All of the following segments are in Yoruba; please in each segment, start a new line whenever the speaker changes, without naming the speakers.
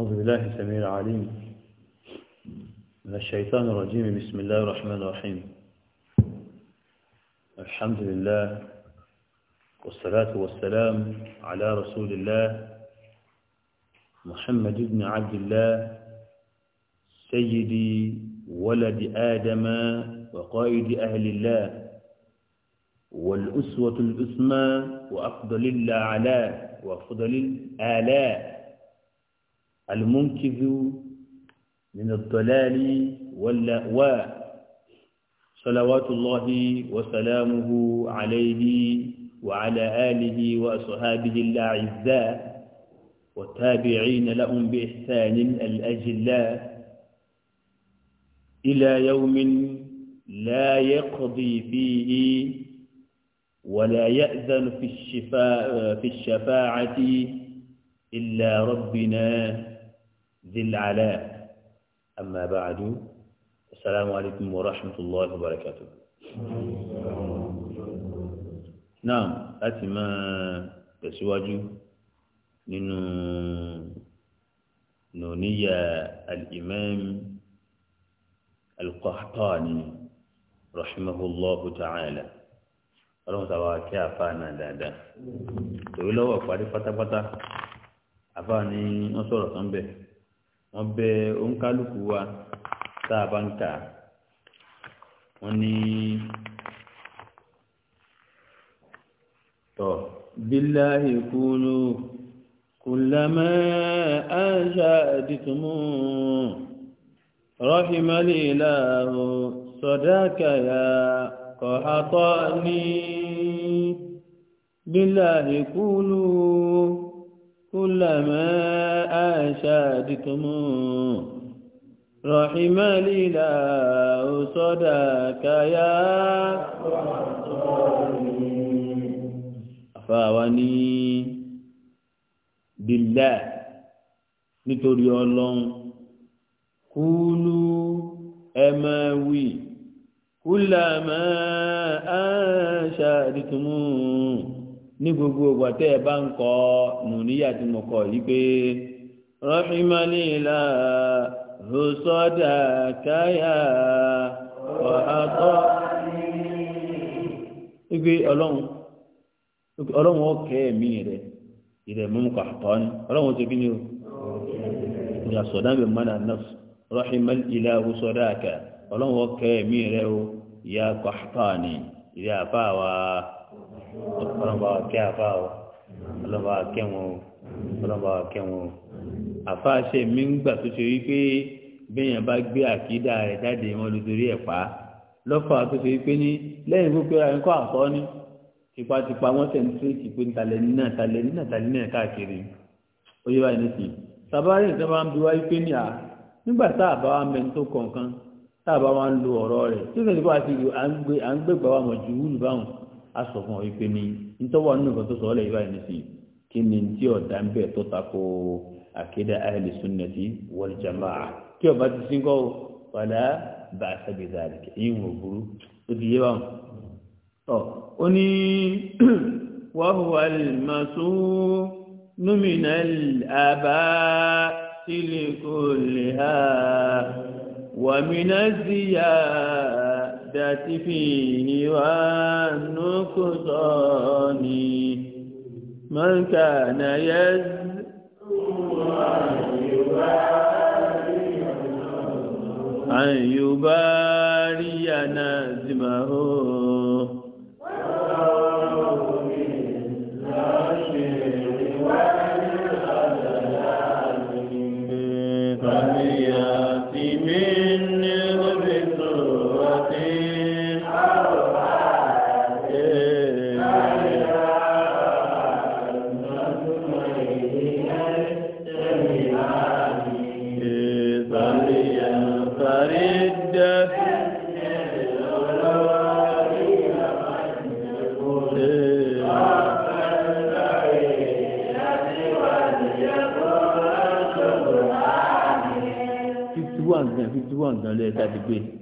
أعوذ بالله السميع العليم من الشيطان الرجيم بسم الله الرحمن الرحيم الحمد لله والصلاة والسلام على رسول الله محمد بن عبد الله سيدي ولد آدم وقائد أهل الله والأسوة الأسمى وأفضل على وأفضل الآلاء المنكذ من الضلال واللأواء صلوات الله وسلامه عليه وعلى آله وأصحابه الأعزاء والتابعين لهم بإحسان الأجلاء إلى يوم لا يقضي فيه ولا يأذن في, في الشفاعة إلا ربنا ذي العلاء أما بعد السلام عليكم ورحمة الله وبركاته نعم أتي ما بسواجه ننو نونية الإمام القحطاني رحمه الله تعالى رحمه الله كافة دادا تقول له أفعلي فتا فتا أفعلي نصورة صنبه wọn bẹ oníkálukú wa tá a bá ń kà wọn ní tọ bíláhì kúlù kùlámà àṣà àdìtúmù rọ́fìmọ́lì ìlàhù sọ̀dákàyà kọ̀hátọ́ ní bíláhì kúlù. كلما أشادتم رحم الإله صداك يا أفاوني بالله nítorí ọlọ́run kúlú ẹ máa wí kúlàmà áṣà àdìtúmù ní gbogbo ìgbà tẹ́ ẹ bá ń kọ nùníyà tí mo kọ yìí pé rọ́ṣímánìlá rọ́ṣọ́dà káyà
ọ̀hátọ́.
wípé ọlọ́run ọlọ́run ọ̀kẹ́ ẹ̀mí rẹ̀ ìrẹ̀mú kọ̀ àtọ́ ni ọlọ́run ti fi ní o. ìyá sọ̀dá mi mọ́nà nọ́ọ̀sì rọ́ṣímánìlá rọ́ṣọ́dà káyà ọlọ́run ọ̀kẹ́ ẹ̀mí rẹ̀ ìyá kọ̀ àtọ́ ni ìrẹ̀ àfáà ọlọ́ba wa kẹ́ àfa o ọlọ́ba wa kẹ́ wọn o ọlọ́ba wa kẹ́ wọn o àfa ṣe mí ń gbà tó ṣe wípé béèyàn bá gbé àkídà rẹ̀ jáde wọn ló torí ẹ̀ pa lọ́fà tó ṣe wípé ní lẹ́yìn gbogbo ẹ̀ ń kọ́ àkọ́ ní tipatipa wọn tẹ̀ ń tírèkì pé talẹ̀ nínà talẹ̀ nínà talẹ̀ nínà káàkiri ó yẹ báyìí nísìnyí sàbárì nǹkan máa ń bi wáyé pé ní à nígbà tá a bá wa mẹ́ni tó kọ̀ọ̀kan tá a bá wa ń lo ọ̀rọ̀ rẹ̀ tí ó sì ń gbé à ń gbé gbà wà mọ̀ ju wúlù báwọn a sọ fún ọ wípé ní ntọ́wọ́ nínú nǹkan tó sọ ọ́ lẹ́yìn báyìí nìsín kí ni tí ọ̀dà ń bẹ̀ tó tako àkédà ahli sunnati wal jamaa kí ọba ti sin kọ́ wàlá bá a sábẹ̀ dáàlì èyí wò burú ó ti yé wa ọ ó ní wàhùwà màṣú númìnà àbá sílẹ̀ kò lè ha wàmínà síyà. الشدة فيه والنكصان من كان يز أن يباري نزمه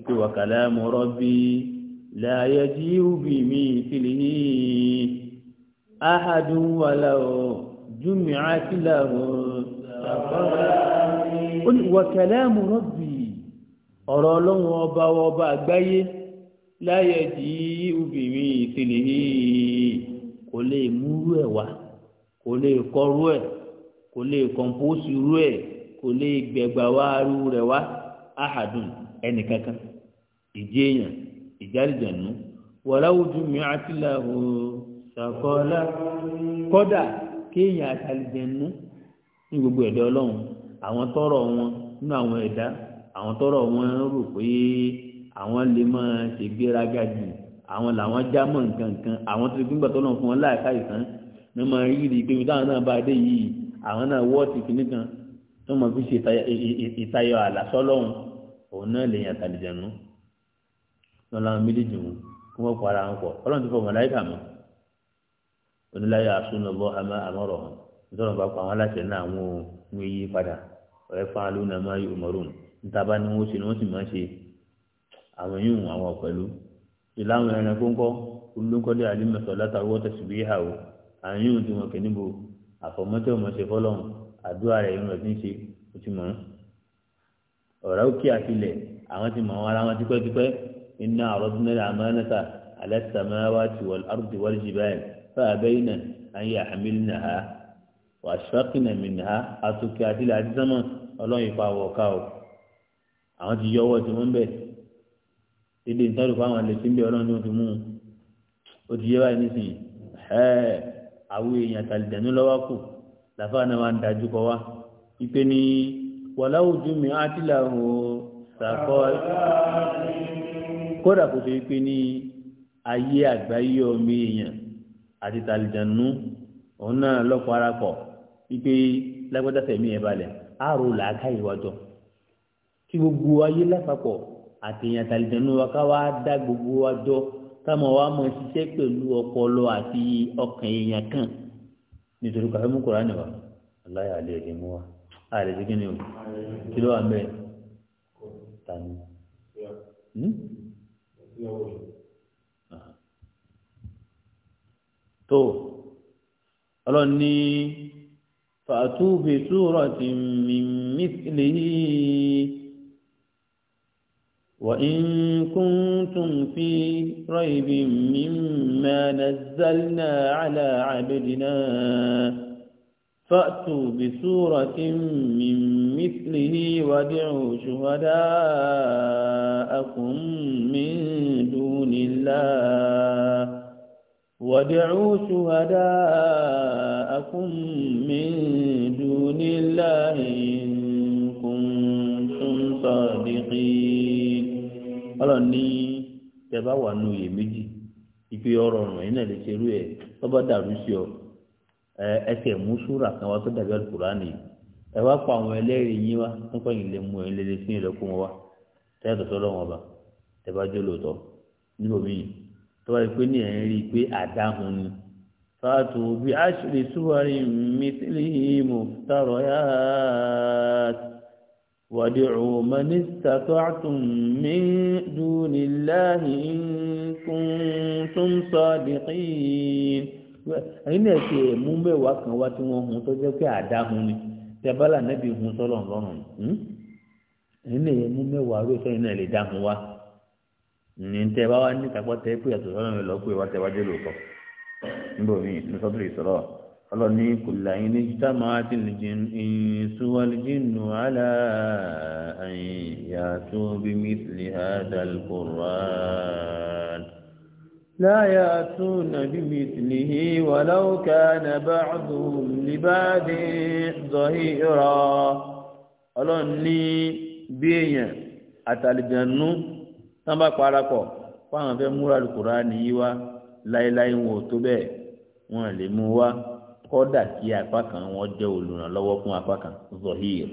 pé wa kalamu rabbi la yaji'u bi mithlihi ahadun walaw jumi'at lahu
ó ní wa kalamu rabbi
ọ̀rọ̀ ọlọ́run ọba ọba àgbáyé la yaji'u bi mithlihi kò lè múrú ẹ̀ wá kò lè kọrú ẹ̀ kò lè kọ̀mpósì rú ẹ̀ kò lè gbẹ̀gbà wá rú rẹ̀ wá ahadun ẹnìkankan ìjẹ èèyàn ìjálìjànú wàláwùjú mi àtìlá òòrùn ṣàkọọlá kọdà kéèyàn àtàlìjànú ní gbogbo ẹdọ ọlọrun àwọn tọrọ wọn nínú àwọn ẹdá àwọn tọrọ wọn rò pé àwọn lè máa ṣègbéraga jù àwọn làwọn jámọ nǹkan kan àwọn tó gbígbà tó lọ fún wọn láàká ìtàn ní máa rí rí pé táwọn náà bá dé yìí àwọn náà wọ́ọ̀tì kìnnìkan tó máa fi ṣe ìtayọ àlàsọ́lọ́hún òun náà lè yàn àtàlìjànú lọ́la méjèèjì wọn kó wọ́n para wọn pọ̀ ọlọ́run ti fọ mọ̀láyíkà mọ́ oníláyà àsúná lọ àmọ́rọ̀ hàn nítorí wọn bá pa àwọn aláṣẹ náà wọn ò wọn yí padà ọ̀rẹ́ fún alóhùn náà máa yọ ọmọrùn níta wọn ṣe ni wọn sì máa ṣe àwọn yìí wọn àwọn pẹ̀lú ìlànà ẹran kónkọ́ látàwọ́ tẹ̀síbí ìhà o àwọn yìí wọn ṣe ti ara إنا عرضنا الأمانة على السماوات والأرض والجبال فأبينا أن يحملنها وأشفقنا منها أتكاتي العزمة الله يفاوقاه àwọn ti yọ ọwọ́ tí wọ́n ń bẹ̀ ilé ìtọ́jú fáwọn àlè tí ń bẹ ọlọ́run ní oṣù mú un ó ti yẹ báyìí nísìnyí ẹ́ẹ̀ àwọn èèyàn àtàlìdẹ̀nu lọ́wọ́ kù làfáà náà wà ń dájú kọ wá ipe ni wàláwùjú mi á ti là ń sàkọ́ ẹ̀ kódà kò ṣe pé ní ayé àgbáyé ọmọ èèyàn àti tàlìjànú òun náà lọ́pọ̀ ara pọ̀ wípé lágbádá fẹ̀mí ẹ̀ balẹ̀ àrò làákà ìwájọ kí gbogbo ayé lápapọ̀ àtẹ̀yìn àtàlìjànú wa ká wá dá gbogbo wa jọ táwọn wa mọ̀ ṣiṣẹ́ pẹ̀lú ọpọlọ àti ọkàn èèyàn kan nítorí kàfẹ́ mú kúránì wa aláya àlè èdè mú wa àlè èdè kí ni o kí ló wà mẹ́ẹ̀ tani. Hmm? tó ọlọ́run ní fàtúbì túrọ̀ tí mímísìlì وإن كنتم في ريب مما نزلنا على عبدنا فأتوا بسورة من مثله ودعوا شهداءكم من دون الله ودعوا شهداءكم من دون الله إن كنتم صادقين قالوا أني تبا وانو يمجي يكي يورون وإن لكي رؤية فبدأ ẹsẹ̀ mú súrà kan wá tó dàbí alukur'an yìí ẹ wá pa àwọn ẹlẹ́rìí yín wá wọ́n kọ́ yìí lè mú ẹ lélẹ́ sí ìlẹ́kùn wọn wá tẹ́yàtọ̀ sọ́dọ̀ wọn bá ẹ bá jó lòótọ́ níbo míì tó bá rí pé ní ẹ̀ rí i pé àdáhùn ni fàtò bí aṣèlè súwárí mísílì mùtàrọ yá wàdí ọ̀mọ ní sàtọ́àtún mi dùn níláhìn kún tó ń sọ àdìkín ẹ̀yin náà ti mú mẹ́wàá kan wá tí wọ́n hun tó jẹ́ pé àdá hun ni tẹ̀bálà nẹ́bí hun sọ́lọ̀ lọ́rùn hmm? ẹ̀yin náà mú mẹ́wàá ró sẹ́yìn náà lè dá hun wá ní tẹ́ bá wá ní kápọ́ tẹ́ pé ẹ̀sọ̀ sọ́lọ́ lọ pé wá tẹ́ wá dé lóòótọ́ níbo mi ní sọ́dọ̀ ìsọ̀rọ̀ ọlọ́ni kùlà yín ní jíjá máa ti lè jìn ìṣúwálìjìnnù àlà àyìn yàtọ̀ bí mi ti lè hádàlùkùrán. لا يأتون بمثله ولو كان بعضهم لبعض ظهيرا ọlọ́run ní bí èèyàn àtàlìjànú tán bá parapọ̀ fáwọn fẹ́ múra lùkùrá nìyí wá láéláé wọn ò tó bẹ́ẹ̀ wọn lè mú wá kọ́dà kí apá kan wọn jẹ́ olùrànlọ́wọ́ fún apá kan zohir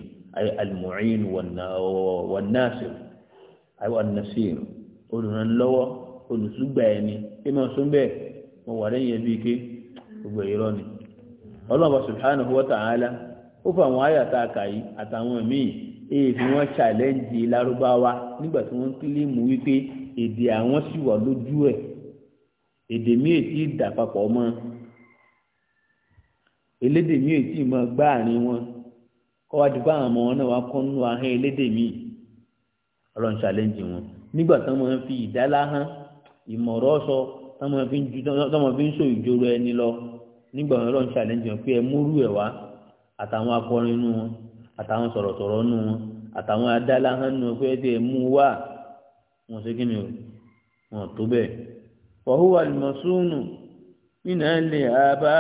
alimuhin wọnásir olùrànlọ́wọ́ olùsúgbà ẹni ìmọ̀ súnbẹ̀ mo wà lẹ́yìn ẹbí ike gbogbo ìrọ́ ni ọlọ́ọ̀bà subhanahu wa ta'ala ó fà wọn àyà tá a kà yìí àtàwọn míì èyí tí wọ́n ṣàlẹ́ǹdì lárúbáwá nígbà tí wọ́n kílíìmù wípé èdè àwọn sì wà lójú ẹ̀ èdè míì tí ì dà papọ̀ mọ́ elédè míì tí ì mọ gbáàrin wọn kọ́ wá dùgbà àwọn ọmọ wọn náà wá kọ́ nínú ahọ́n elédè míì ọlọ́run ṣàlẹ́ǹdì wọn nígbà tí wọ́n fi ìdálá hàn ìmọ̀rọ̀ ọ̀sọ tọ́mọ fi ń so ìjòrò ẹni lọ nígbà wọn lọ́n ṣàlẹ́jì wọn pé ẹ múrú ẹ̀ wá àtàwọn akọrin inú wọn àtàwọn sọ̀rọ̀sọ̀rọ̀ inú wọn àtàwọn adáláhán inú wọn pé ẹ ti ẹ mú wá wọn ṣe kíni o wọn tó bẹ́ẹ̀. wàhùwà lùmọ̀sùnù nínà lè àbá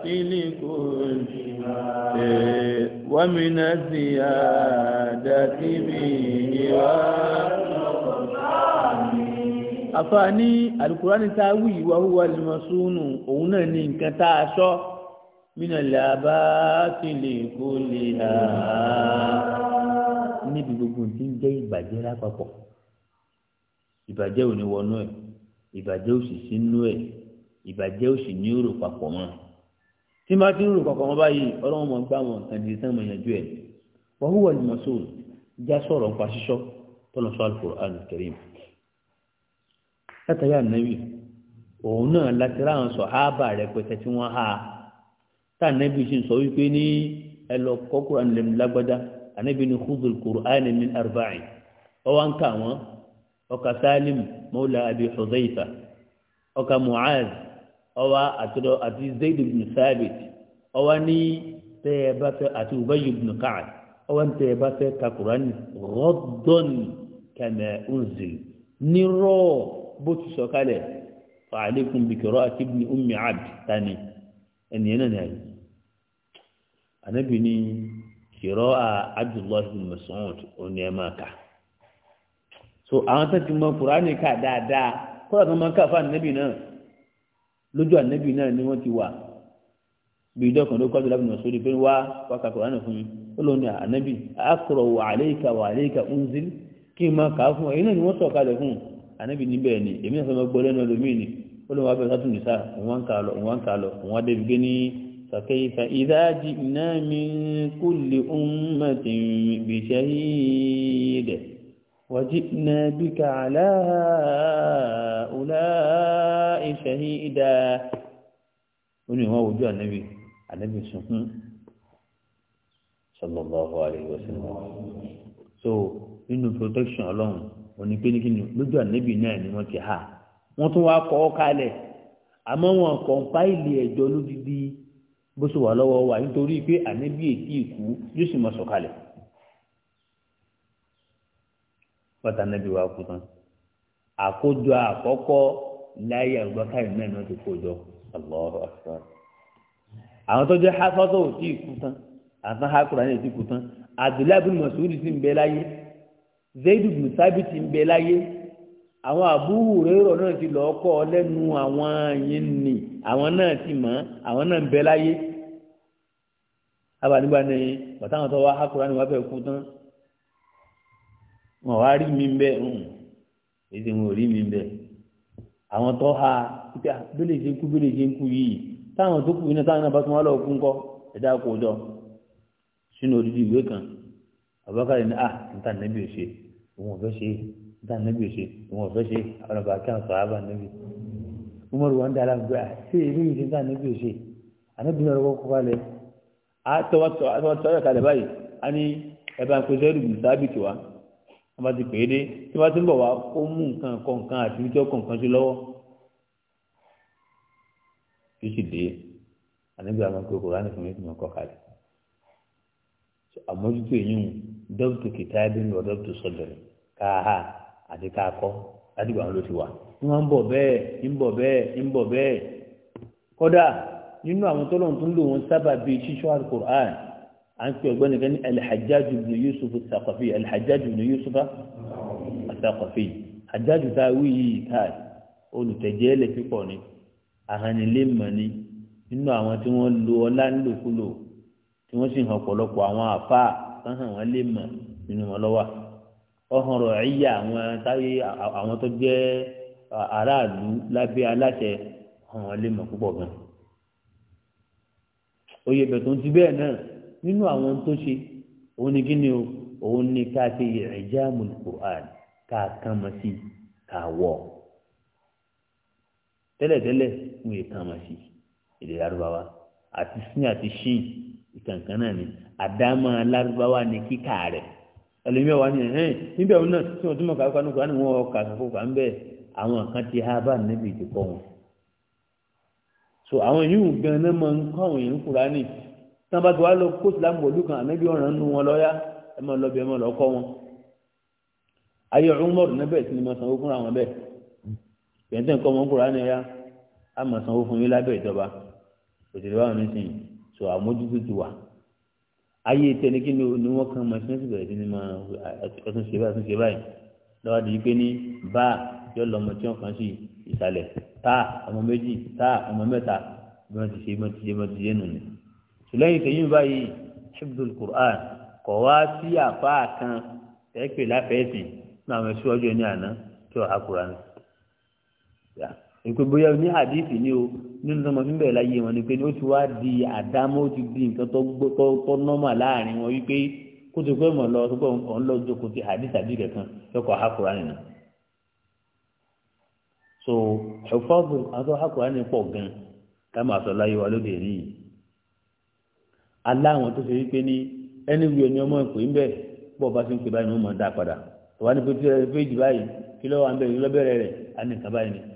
sílíkù ṣe wàmínà sí àdàtìmí ìwà àfa ní alukurani tá a wí ìwà wíwá lèmọ̀súnù òun náà ní nǹkan tá a sọ mínà làbá ti lè kó lè hà níbi gbogbo tí ń jẹ́ ìbàjẹ́ lápapọ̀ ìbàjẹ́ ò ní wọnú ẹ̀ ìbàjẹ́ ò sì sínú ẹ̀ ìbàjẹ́ ò sì ní òrò papọ̀ mọ́ tí n bá ti ń rò papọ̀ mọ́ báyìí ọlọ́run mọ̀ gbá wọn kàn dìde sáwọn ìyànjú ẹ̀ wọ́n wúwo lèmọ̀súnù já sọ̀rọ̀ nípa sísọ tọ́lọ́sọ alukoro alukẹ́rìmù látàrí ànábì òun náà láti ráhùn sọ ábà rẹpẹtẹ tí wọn há tànábì sì ń sọ wípé ní ẹlọ kọkùrọ ànilẹmí lágbádá ànábì ní húzùl kùrù ànilẹmí arbaẹ ọwọ ń kà wọn ọkà sálìm mọlá àbí ọzọyìfà ọkà muaz ọwọ àtúndọ àti zayd ibn sábìt ọwọ ní tẹyẹ fẹ àti ubayi ibn káàd ọwọ ní tẹyẹ fẹ kakùrọ rọdọn kẹmẹ ọzìn nírọọ. bó ti sọ̀kalẹ̀ fàálẹ́kùn bìkọ̀rọ̀ àti ibùn umi tani ẹni náà anabi ni kìrọ̀ à so kura ka anabi anabi ni wọ́n wa. bí dọ́kàn ló kọ́ abdullahi bin pé wá fún anabi akọ̀rọ̀ wà àlẹ́kà kí n máa fún ni wọ́n sọ̀kalẹ̀ fún ànábì níbẹ̀ ni èmi náà fẹ́ máa gbọ́ lẹ́nu ẹlòmíì ni ó lọ́wọ́ abẹ́ sátún nìsá òun wá ń kà lọ òun wá ń kà lọ òun wá débi gé ní sàkéyìfà ìdájì náà mi kú lè ọmọ tì bí ṣẹ́yìdẹ̀ wàjí náà protection ọlọ́run òní pé ní kí ni lójú ànábì náà ni wọ́n ti hà wọ́n tún wá kọ́ ọ́ kalẹ̀ àmọ́ wọn kàn páìlì ẹ̀jọ́ lódìdí bó ṣe wà lọ́wọ́ wa nítorí pé ànábì ètí ìkú yóò sì mọ̀ sọ̀kalẹ̀ pátá ànábì wa kú tán àkójọ àkọ́kọ́ láyé àgbáká ìlú náà ti kójọ ọlọ́rọ̀ ọ̀sán àwọn tó jẹ́ hafọ́tò ò tí ì kú tán àtàn hakùrà ní ètí kú tán àdùlá ibùdó mọ̀sùlùmí sì ń bẹ láyé zaidu bin sábìt ń bẹ láyé àwọn àbúrò rẹ́rọ̀ náà ti lọ́ọ́ kọ́ ọ lẹ́nu àwọn yìí nì àwọn náà ti mọ̀ àwọn náà ń bẹ láyé abanigba ni bàtà àwọn tó wá akura ni wọ́n fẹ́ kú tán wọn wá rí mi bẹ́ẹ̀ èdè wọn ò rí mi bẹ́ẹ̀ àwọn tó ha pípẹ́ bẹ́lẹ̀ ṣe kú bẹ́lẹ̀ ṣe kú yìí táwọn tó kù yìí náà táwọn náà bá tún wọn lọ́ọ́ kú ńkọ́ ẹ̀dá kó jọ sínú odidi ìwé kan àbúrò káyọ̀ ní níta nẹ́bí ò ṣe òun ò fẹ́ ṣe dáa níbi ò ṣe òun ò fẹ́ ṣe àwọn ọba akẹ́ àwọn sọ̀rọ̀ níbi wọ́n mọ̀ wọ́n dára gbé àti èyí ní ìṣẹ́ńtà níbi ò ṣe àníbi náà lọ́wọ́ kó kalẹ̀ àtọwọ́tọ̀ kalẹ̀ báyìí a ní ẹ̀bá ń pèsè ẹ̀rù ìsáàbì tiwa wọ́n bá ti pè é dé tí wọ́n ti ń bọ̀ wá ó mú nǹkan kọ̀ọ̀kan àti wíjọ́ kọ̀ọ̀kan sí lọ́wọ́ yóò sì dé àníbi àwọn akẹ́kọ̀ọ́ ránì fún mi fi mọ̀ kọ́ kalẹ̀ àmójútó èyí ń dọ́kítù kìtàbí ń lọ dọ́kítù sọ̀dọ̀rẹ̀ káà àti káàkọ́ láti gbà wọn ló ti wà. wọ́n ń bọ̀ bẹ́ẹ̀ ń bọ̀ bẹ́ẹ̀ ń bọ̀ bẹ́ẹ̀. kọ́dà nínú àwọn tó lọ́n lò wọ́n sábà bíi ṣíṣọ́ alukur'an à ń pè ọgbẹ́ni kan ní alhajjájú ní yusuf sàkọ́fì alhajjájú ní Yusufa? sàkọ́fì hajjájú tá a wí yìí káà olùtẹ̀jẹ́ lè pípọ̀ ni ahanilémọ̀ ni nínú àwọn tí wọ́n lo ọlá ńlòkulò tí wọ́n sì hàn ọ̀pọ̀lọpọ̀ àwọn àfa káhàn wọn lè mọ̀ nínú wọn lọ́wọ́ ọ̀hún rọ̀ ẹ̀yà àwọn táyé àwọn tó jẹ́ aráàlú lábẹ́ aláṣẹ hàn wọn lè mọ̀ púpọ̀ gan. oyè bẹ̀tọ̀ ti bẹ́ẹ̀ náà nínú àwọn tó ṣe òun ni kíni o òun ni ká ṣe ìrìnjà mùsùlùmí ká kàn mọ́ sí ká wọ̀ tẹ́lẹ̀tẹ́lẹ̀ ń yẹ kàn mọ́ sí èdè lárúbáwá àti sin àti ṣíìn ìkànkàn náà ni àdámọ́ alárúbáwá ni kíkà rẹ̀ ẹlòmíọ́ wa ni ẹ̀hìn níbẹ̀ òun náà tí wọ́n tún mọ̀ káwọ́ kanú kan ní wọ́n kà kó kà ń àwọn kan ti ha bá níbi ìdìkọ́ wọn. so àwọn yìí gan náà máa ń kọ́ àwọn èèyàn kúra ní tán bá ti wá lọ kó sílámù pọ̀lú kan ànábì ọ̀ràn nù wọn lọ́yá ẹ máa lọ bí ẹ máa lọ kọ́ wọn. ayé ọ̀rùnmọ̀rù níbẹ̀ sí ni mo sanwó fúnra wọn bẹ́ẹ̀ bẹ̀ntẹ́ nǹkan ọmọkùnrin so àmójútó ti wà ayé tẹni kí ni wọn kàn máa ṣẹ́ńsì bẹ̀rẹ̀ sí ni máa ẹtún ṣe báyìí ẹtún ṣe báyìí lọ́wọ́ di pé ní bá yọ lọmọ tí wọn kàn sí ìsàlẹ̀ tá ọmọ méjì tá ọmọ mẹ́ta bí wọ́n ti ṣe mọ́ ti ṣe mọ́ ti ṣe nù ni ṣùlẹ́yìn tẹ̀yìn báyìí ṣíbùdùl kùrán kọ̀ wá sí àfa kan tẹ́pẹ̀ láfẹ̀ẹ́sì náà àwọn ẹ̀ṣọ́ ọjọ́ ní àná tó àkùrán èpè bóyá ní hadithi ni o nínú tọmọ fún bẹ̀rẹ̀ láyé wọn ni pé ó ti wá di àdámọ́ ó ti di nǹkan tó nọ́mà láàrin wọn wípé kó tó pẹ́ mọ̀ lọ tó pẹ́ ọ̀n lọ jókòó ti àdìsí àbí kẹ̀kan lọ́kọ̀ àkùrá nìyẹn. so ọ̀fọ́dù àti àkùrá ni pọ̀ gan ká máa sọ láyé wa lóde rí yìí. aláwọn tó ṣe wípé ní ẹni wí ẹni ọmọ ìpè ń bẹ̀ bọ́ọ̀ bá ti ń pè báyìí ni wọ́n mọ̀ ń dá padà tọ́wá ní pé tí ẹ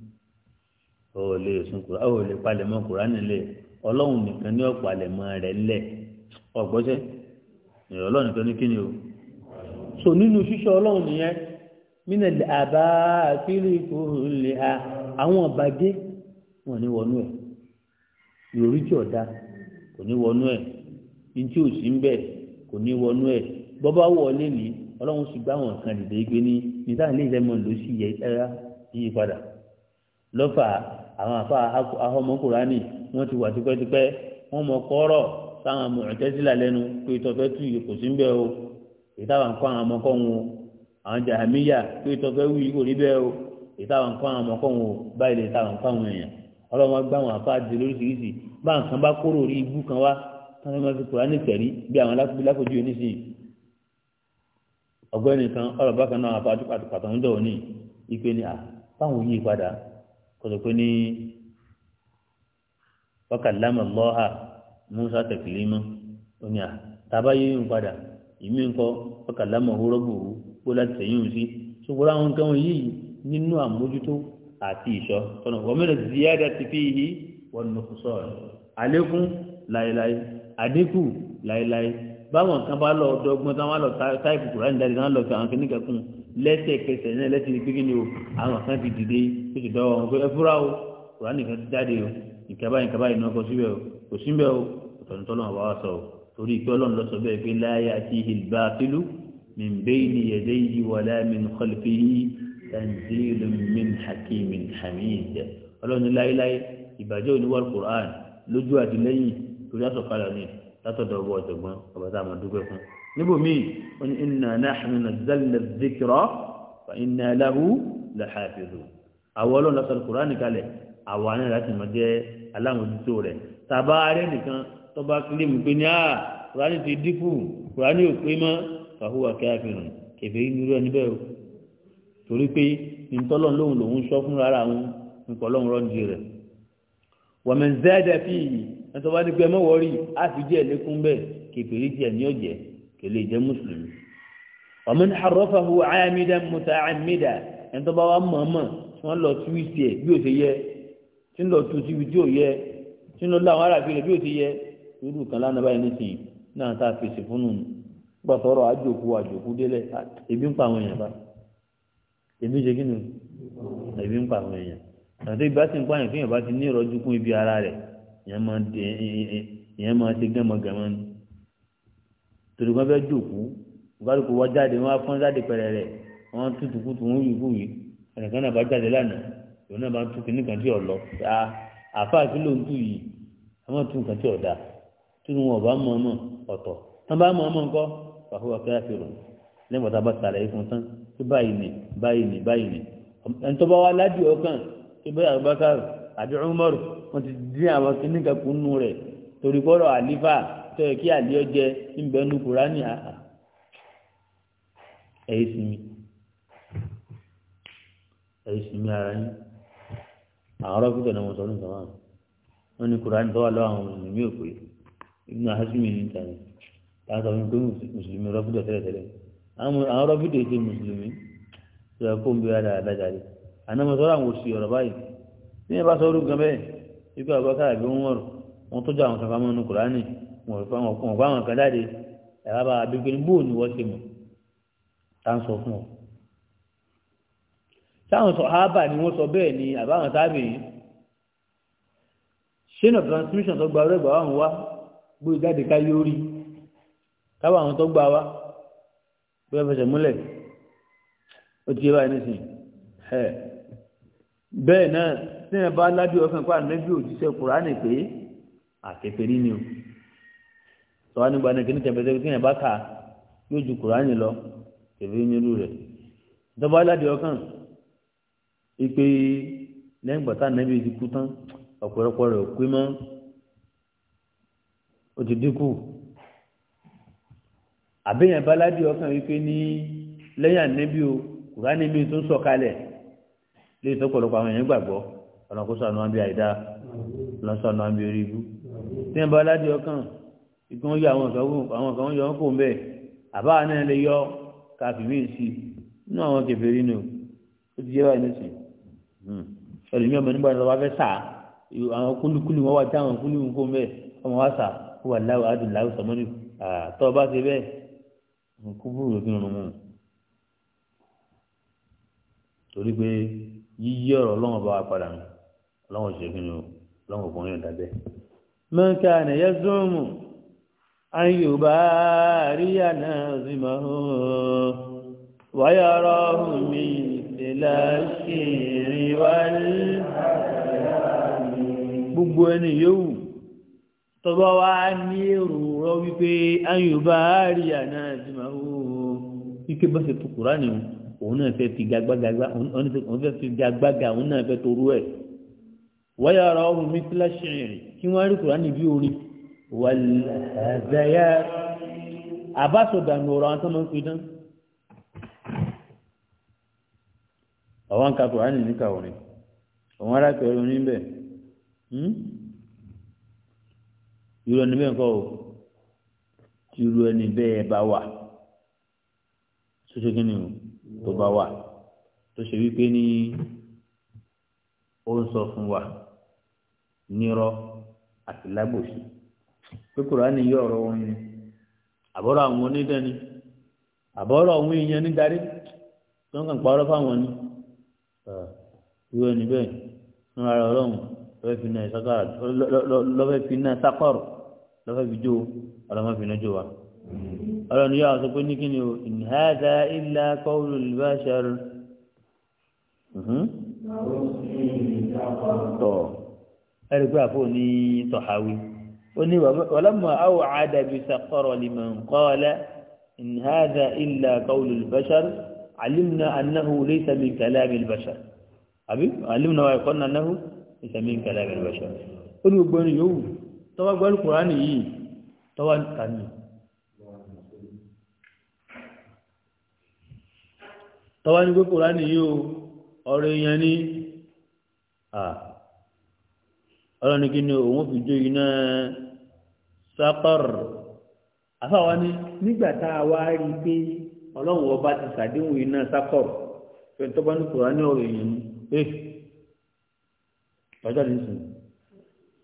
o lè sun kura o lè palẹ̀mọ́ kura nílẹ̀ ọlọ́run nìkan ní ọ̀palẹ̀mọ́ rẹ̀ lẹ̀ ọ̀gbọ́sẹ̀ ìrọ̀ ọlọ́run nìkan ní kíni o so nínú ṣíṣọ́ ọlọ́run nìyẹn mínẹ̀lì àbá àfírí ìfòhùnlé ha àwọn ọ̀bàdé wọn ní wọnú ẹ̀ ìròrí tí ọ̀dá kò ní wọnú ẹ̀ ní tí ò sí ń bẹ̀ kò ní wọnú ẹ̀ bọ́bá wọlé ní ọlọ́run sì gbá wọn kan dìde gbé ní níta ilé ìfẹ́ ló sì yẹ ẹ́ yí padà lọ́fà àwọn àfa ahọ́mọ kùránì wọ́n ti wà tipẹ́tipẹ́ wọ́n mọ kọ́rọ̀ sáwọn mọ̀tẹ́sílà lẹ́nu pé tọ́fẹ́ tù yìí kò sí ń bẹ́ o ìtawàn kọ́ àwọn ọmọkọ́ wọn o àwọn jàmíyà pé tọ́fẹ́ wù yìí kò rí bẹ́ẹ̀ o ìtawàn kọ́ àwọn ọmọkọ́ wọn o báyìí lè tàwọn kọ́ àwọn èèyàn ọlọ́mọ gbá àwọn àfa di lóríṣiríṣi bá nǹkan bá kóró rí ibú kan wá táwọn ọmọ fi kùránì tẹ̀rí bí àwọn lápòjú oníṣìí ọgbẹ́ni kan ọlọ́ kọ̀dọ̀kọ́ ní wákàlámà lọ́ha musa tẹ̀kìlímọ́ oní à tàbá yóò yún padà ìmí ńkọ wákàlámà hórọ́bù ó láti tẹ̀yìn sí ṣùgbọ́n àwọn nǹkan yìí nínú àmójútó àti ìṣọ́ tọ́nà gọ́mìnà ziyada ti fi yìí wọ́n nù sọ̀rọ̀ àlékún láéláé àdínkù láéláé báwọn nǹkan bá lọ dọgbọn táwọn lọ táìpù kúránì dáadé náà lọ sí àwọn kìnnìkan kún lẹsẹkẹsẹ náà lẹsẹ gbígbé ni o àwọn kan ti dìde tó ti dọwọ wọn pé ẹ fúra o kúránì kan ti jáde o ìkẹbá ìkẹbá ìnáwó kọ síbẹ o kò síbẹ o ọ̀tọ̀nitọ́ lọ́wọ́ bá wá sọ o torí pé ọlọ́run lọ sọ bẹ́ẹ̀ pé láyé àti ìlbà pílú mìíràn ní ẹ̀dẹ́ yìí wà láàmì kọlùfì yìí tanzilu min hakimin hamid ọlọ́run látọ̀dọ̀ ọwọ́ ọ̀jọ̀gbọ́n ọba tá a máa dúpẹ́ fún níbòmíì ó ní iná náà nàzàlẹ̀ zikirọ́ iná aláhu làhàfẹ́rù àwọn ọlọ́run lọ́sọ̀rọ̀ kùránì kalẹ̀ àwọn àná láti máa jẹ́ alámòjútó rẹ̀ tàbá arẹ́ nìkan tó bá kílíìmù pé ní àà kùránì ti dínkù kùránì ò pé mọ́ fàhùwà káfíìrùn kẹfẹ́ nírú ẹni rẹ̀ wọ́n ẹ̀tọ́ bá ní pé ẹmọ́ wọ́rí á fi díẹ̀ lékún bẹ́ẹ̀ kékeré díẹ̀ ní ọ̀jẹ̀ kèlè jẹ́ mùsùlùmí. ọmọ ní àrọ́fà hu àyàmídà mùtà àmídà ẹ̀tọ́ bá wà mọ̀ọ́mọ̀ tí wọ́n lọ tú ìsì ẹ̀ bí ó ti yẹ tí ń lọ tu síbi tí ó yẹ tí ń lọ láwọn aráàbí rẹ̀ bí ó ti yẹ irú kan lánàá báyìí nísìnyí náà tá a fèsì fún un gbà àjòkú àjòkú délẹ̀ ebi ń pa àwọn èèyàn bá ebi ṣe kí ni ebi ń pa àwọn èèyàn àti ìgbà tí ń pa àyàn fún ti ní ìrọ́jú kún ibi ara rẹ̀ ìyẹn máa ṣe gánmọ̀gánmọ́ ni torí wọn fẹ́ jòkó ìbálòpọ̀ wọ́n jáde wọ́n á fọ́n jáde pẹ̀rẹ̀ rẹ̀ wọ́n tutù kutù wọ́n yìí kúwì ẹnìkan náà bá jáde lánàá òun náà bá tún kìnnìkan tí ò lọ àfáà kí ló ń tù yìí àwọn tún kàn tí ò dáa tí wọn ọba mọ ọmọ ọtọ tán bá mọ ọmọ nǹkan wàhùwà káfíìrò lẹ́yìn wọ́n tá bá sàlẹ̀ fún tán tó báyìí ni báyìí ni báyìí ni ẹni tó bá wá ládìí ọkàn tó bá yàgbá káàrọ̀ àbí umaru wọn ti dín àwọn kìíní kankan nù rẹ torí bọ́rọ̀ àlífà tọ́yọ̀ kí àlíọ́ jẹ ńbẹ́nu kùránì àhà ẹ̀yìn sinmi ẹ̀yìn sinmi ara yín àwọn ọ̀rọ̀ fífẹ̀ náà wọ́n sọ nǹkan wọn wọn ní kùránì tó wà lọ́wọ́ àwọn ọmọ mi ò pé ibùdó àhásùmí ní ìtàn láti ọ̀rọ̀ pé mùsùlùmí ọ̀rọ̀ fídíò tẹ́lẹ̀tẹ́lẹ̀ àwọn ọ̀rọ̀ fídíò ti mùsùlùmí tí yẹn bá sọ orúkọ bẹ́ẹ̀ ikú àbúkà àbí wọn rọ wọn tó jọ àwọn kankan mọ́nu kùránì wọn bá wọn kan jáde ẹ̀rọ bá abégbé ní bóò ni wọ́n ti mọ̀ tá ń sọ fún ọ. táwọn sọ ábà ni wọ́n sọ bẹ́ẹ̀ ni àbáwọn tábì yìí chain of transmission tó gba ọlọ́gbà wọn wá gbé jáde ká yóò rí táwọn àwọn tó gbà wá bí wọ́n fẹsẹ̀ múlẹ̀ ó ti yé báyìí nísìnyí bẹ́ẹ̀ náà. tí ẹ bá lábí ọkàn pàà ànábì òjíṣẹ́ kùránì pé àkẹfẹ́rí ni o sọ wá nígbà náà ní tẹ̀pẹ̀tẹ̀ tí ẹ bá kà yóò ju kùránì lọ rẹ̀ ọkàn ipe ti kú tán ọ̀pọ̀lọpọ̀ rẹ̀ pé mọ́ ti dínkù ọkàn ní lẹ́yìn ànábì o kùránì mi àwọn èèyàn ọ̀nà kó sànù àbí àìdá lọ sànù àbí orí ibú tí ẹ bá aládé ọkàn ìgbọ́n yọ àwọn kan yọ wọn kò ń bẹ̀ àbá náà lè yọ káfí mí sí inú àwọn kẹfẹ́rí nù ó ti yẹ báyìí nísìn hmm. ẹlòmíì ọmọ nígbà tó wá fẹ́ sà àwọn kúlùkúlù wọn wá tí àwọn kúlù ń kó ń bẹ̀ ọmọ wá sà ó wà láwọ adùnláwọ sọmọdù àtọ́ ọba ti bẹ́ẹ̀ kúbúrú òfin rún mú torí pé yíyí ọ̀rọ̀ ọlọ́run bá wa padà nù ọlọ́run ṣe kí ni o ọlọ́run kò yàn dábẹ́. mẹ́ta ni yẹ zoomu ayùbá àríyá náà sì máa hó wáyà rọ́ọ̀hún mi ìṣẹ̀lá ṣìírí wá ní gbogbo ẹni yòówù tọ́gbọ́ wá ní èrò rọ wípé ayùbá àríyá náà sì máa hó ike bá ṣe tó kúránì òun náà fẹ́ fi gagbága òun náà fẹ́ fi gagbága òun náà fẹ́ torú ẹ̀ wáyà ara ọ̀hún mi tí láṣẹ̀rẹ̀ kí wọ́n rí kùránì bí orin wàlẹ́yà àbáṣọ̀dàmì ọ̀rọ̀ àwọn tó máa ń pè dán. àwọn ń ka kùránì níka orin àwọn arákùnrin orin níbẹ̀ hmm? irú ẹni bẹ́ẹ̀ kọ́ o tí irú ẹni bẹ́ẹ̀ bá wà ṣoṣo kí ni o tó bá wà tó ṣe wípé ní ó ń sọ fún wa nírọ àti lágbòsí pé kùránì yọ ọ̀rọ̀ wọn ni àbọ̀rọ̀ àwọn onídẹ́ni àbọ̀rọ̀ àwọn èèyàn ní darí tí wọ́n kàn parọ́ fáwọn ni irú ẹni bẹ́ẹ̀ nínú ara ọlọ́run lọ́fẹ́ fi náà sákàrà lọ́fẹ́ sákọ̀rọ̀ lọ́fẹ́ fi jó ọlọ́mọ fi náà jó wa. ọlọ́run yóò sọ pé ní kí ni o ìhádà ilà kọ́ọ̀lù ìbáṣẹ́rù tọ̀ ẹ̀rí pé àfọ̀ ní tọ̀háwí ó ní wàlámà áwọ̀ àdàbí sàkọ̀rọ̀ lìmọ̀ nkọ́ọ́lá ìnáhàdà ìlà kọ́ọ̀lù bàṣàr àlìmùnà anáhù lẹ́sà mi kàlẹ́ àmì bàṣàr àbí àlìmùnà wà ẹ̀kọ́ nanáhù lẹ́sà mi kàlẹ́ àmì ó ní gbogbo ẹni yòówù tọ́wọ́ gbọ́n kùránì yìí tọ́wọ́ kàní tọ́wọ́ ní gbogbo kùránì yìí ọ̀rọ̀ èèyàn ní ọlọ́ni kí ni òun fi jó iná sápọ̀rọ̀ àfáwọn ni nígbà tá a wá rí i pé ọlọ́run ọba ti sàdéhùn iná sápọ̀rọ̀ pé tọ́ba ní kùrọ̀ ní ọ̀rọ̀ èèyàn ni ẹ eh, ọjọ́ ní sùn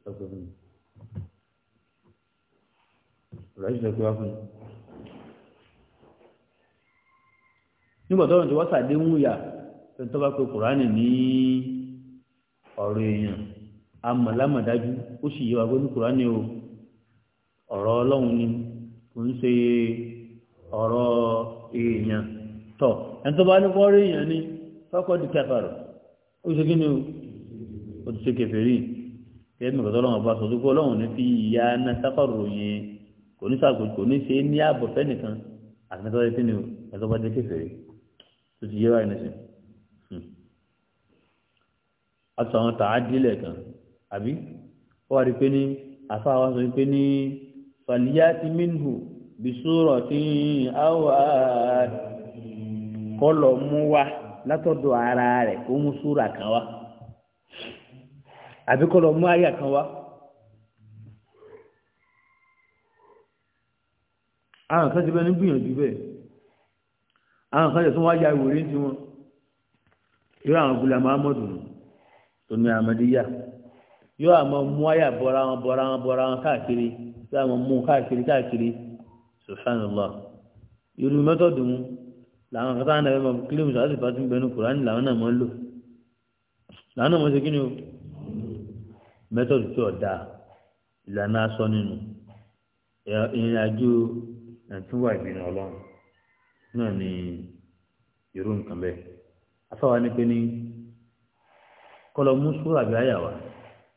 ọ̀sẹ̀ fún mi ọ̀rọ̀ yìí sọ pé wá fún mi. nígbà tó ń sàdéhùn yà pé tọ́ba pé kùrọ̀ ní ọ̀rọ̀ èèyàn amọ̀lámọ̀dájú ó sì yẹ wá pé nìkúrá ni o ọ̀rọ̀ ọlọ́run ni kò ń ṣe ọ̀rọ̀ èèyàn tọ̀ ẹni tó bá ní kọ́ rí èèyàn ni fọ́kọ́ di kẹfàrọ̀ ó ṣe kí ni o ó ti ṣe kẹfẹ́rì kẹ́mi kọ́tọ́ ọlọ́run ọba sọ̀tún kó ọlọ́run ní fi ìyá ná sáfàrò yẹn kò ní sàkó kò ní ṣe ní ààbọ̀ fẹ́nìkan àtúntọ́ ni o ẹ̀tọ́ bá di kẹfẹ́rì tó ti yẹ wáyé nísìnyí àtúntọ́ àwọn tàá dílẹ̀ kan àbí ó wà rí pé ní àfa wa sọ pé ní fàlíyàtì mínú bisúrọ̀ tí àwa kọlọ̀ mú wa látọ̀dọ̀ ara rẹ̀ kó mú súra kan wá àbí kọlọ̀ mú àyà kan wá. àwọn kan ti bẹ́ẹ̀ ní gbìyànjú bẹ́ẹ̀ àwọn kan jẹ́ tó wá ya ìwòrí tí wọ́n irú àwọn gulẹ̀ muhammadu tó ní amadíyà yóò àmọ́ mú àyà bọ́ra wọn bọ́ra wọn bọ́ra wọn káàkiri yóò àmọ́ mú káàkiri káàkiri subhanallah irú mẹ́tọ̀dù mu làwọn kan sáà nàbẹ́ mọ̀ kílíọ̀mù sọ àti pàtó ń bẹnu kùránì làwọn náà mọ̀ ń lò làwọn náà mọ̀ ṣe kí ni o mẹ́tọ̀dù tí ọ̀dà ìlànà aṣọ nínú ìrìn àjò ìbínú ọlọ́run náà ni irú nǹkan bẹ́ẹ̀ afáwa ni pé ní kọlọ mú sùúrù àbí àyà wa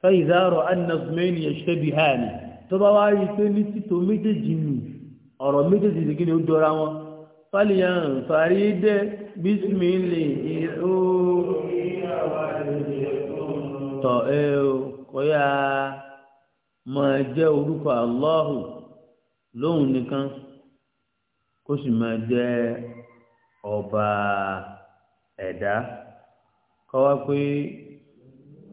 fẹ́ìzárọ̀ annasmẹ́ni yashtabihani tó bá wá rí pé ní títò méjèèjì nù ọ̀rọ̀ méjèèjì sí kí ni ó dọ́ra wọn fàlìyàn fàrídẹ́ bísmìlì ìhó tọ̀ ẹ kọ́yà máa jẹ́ ẹ̀dá kọ́wá pé.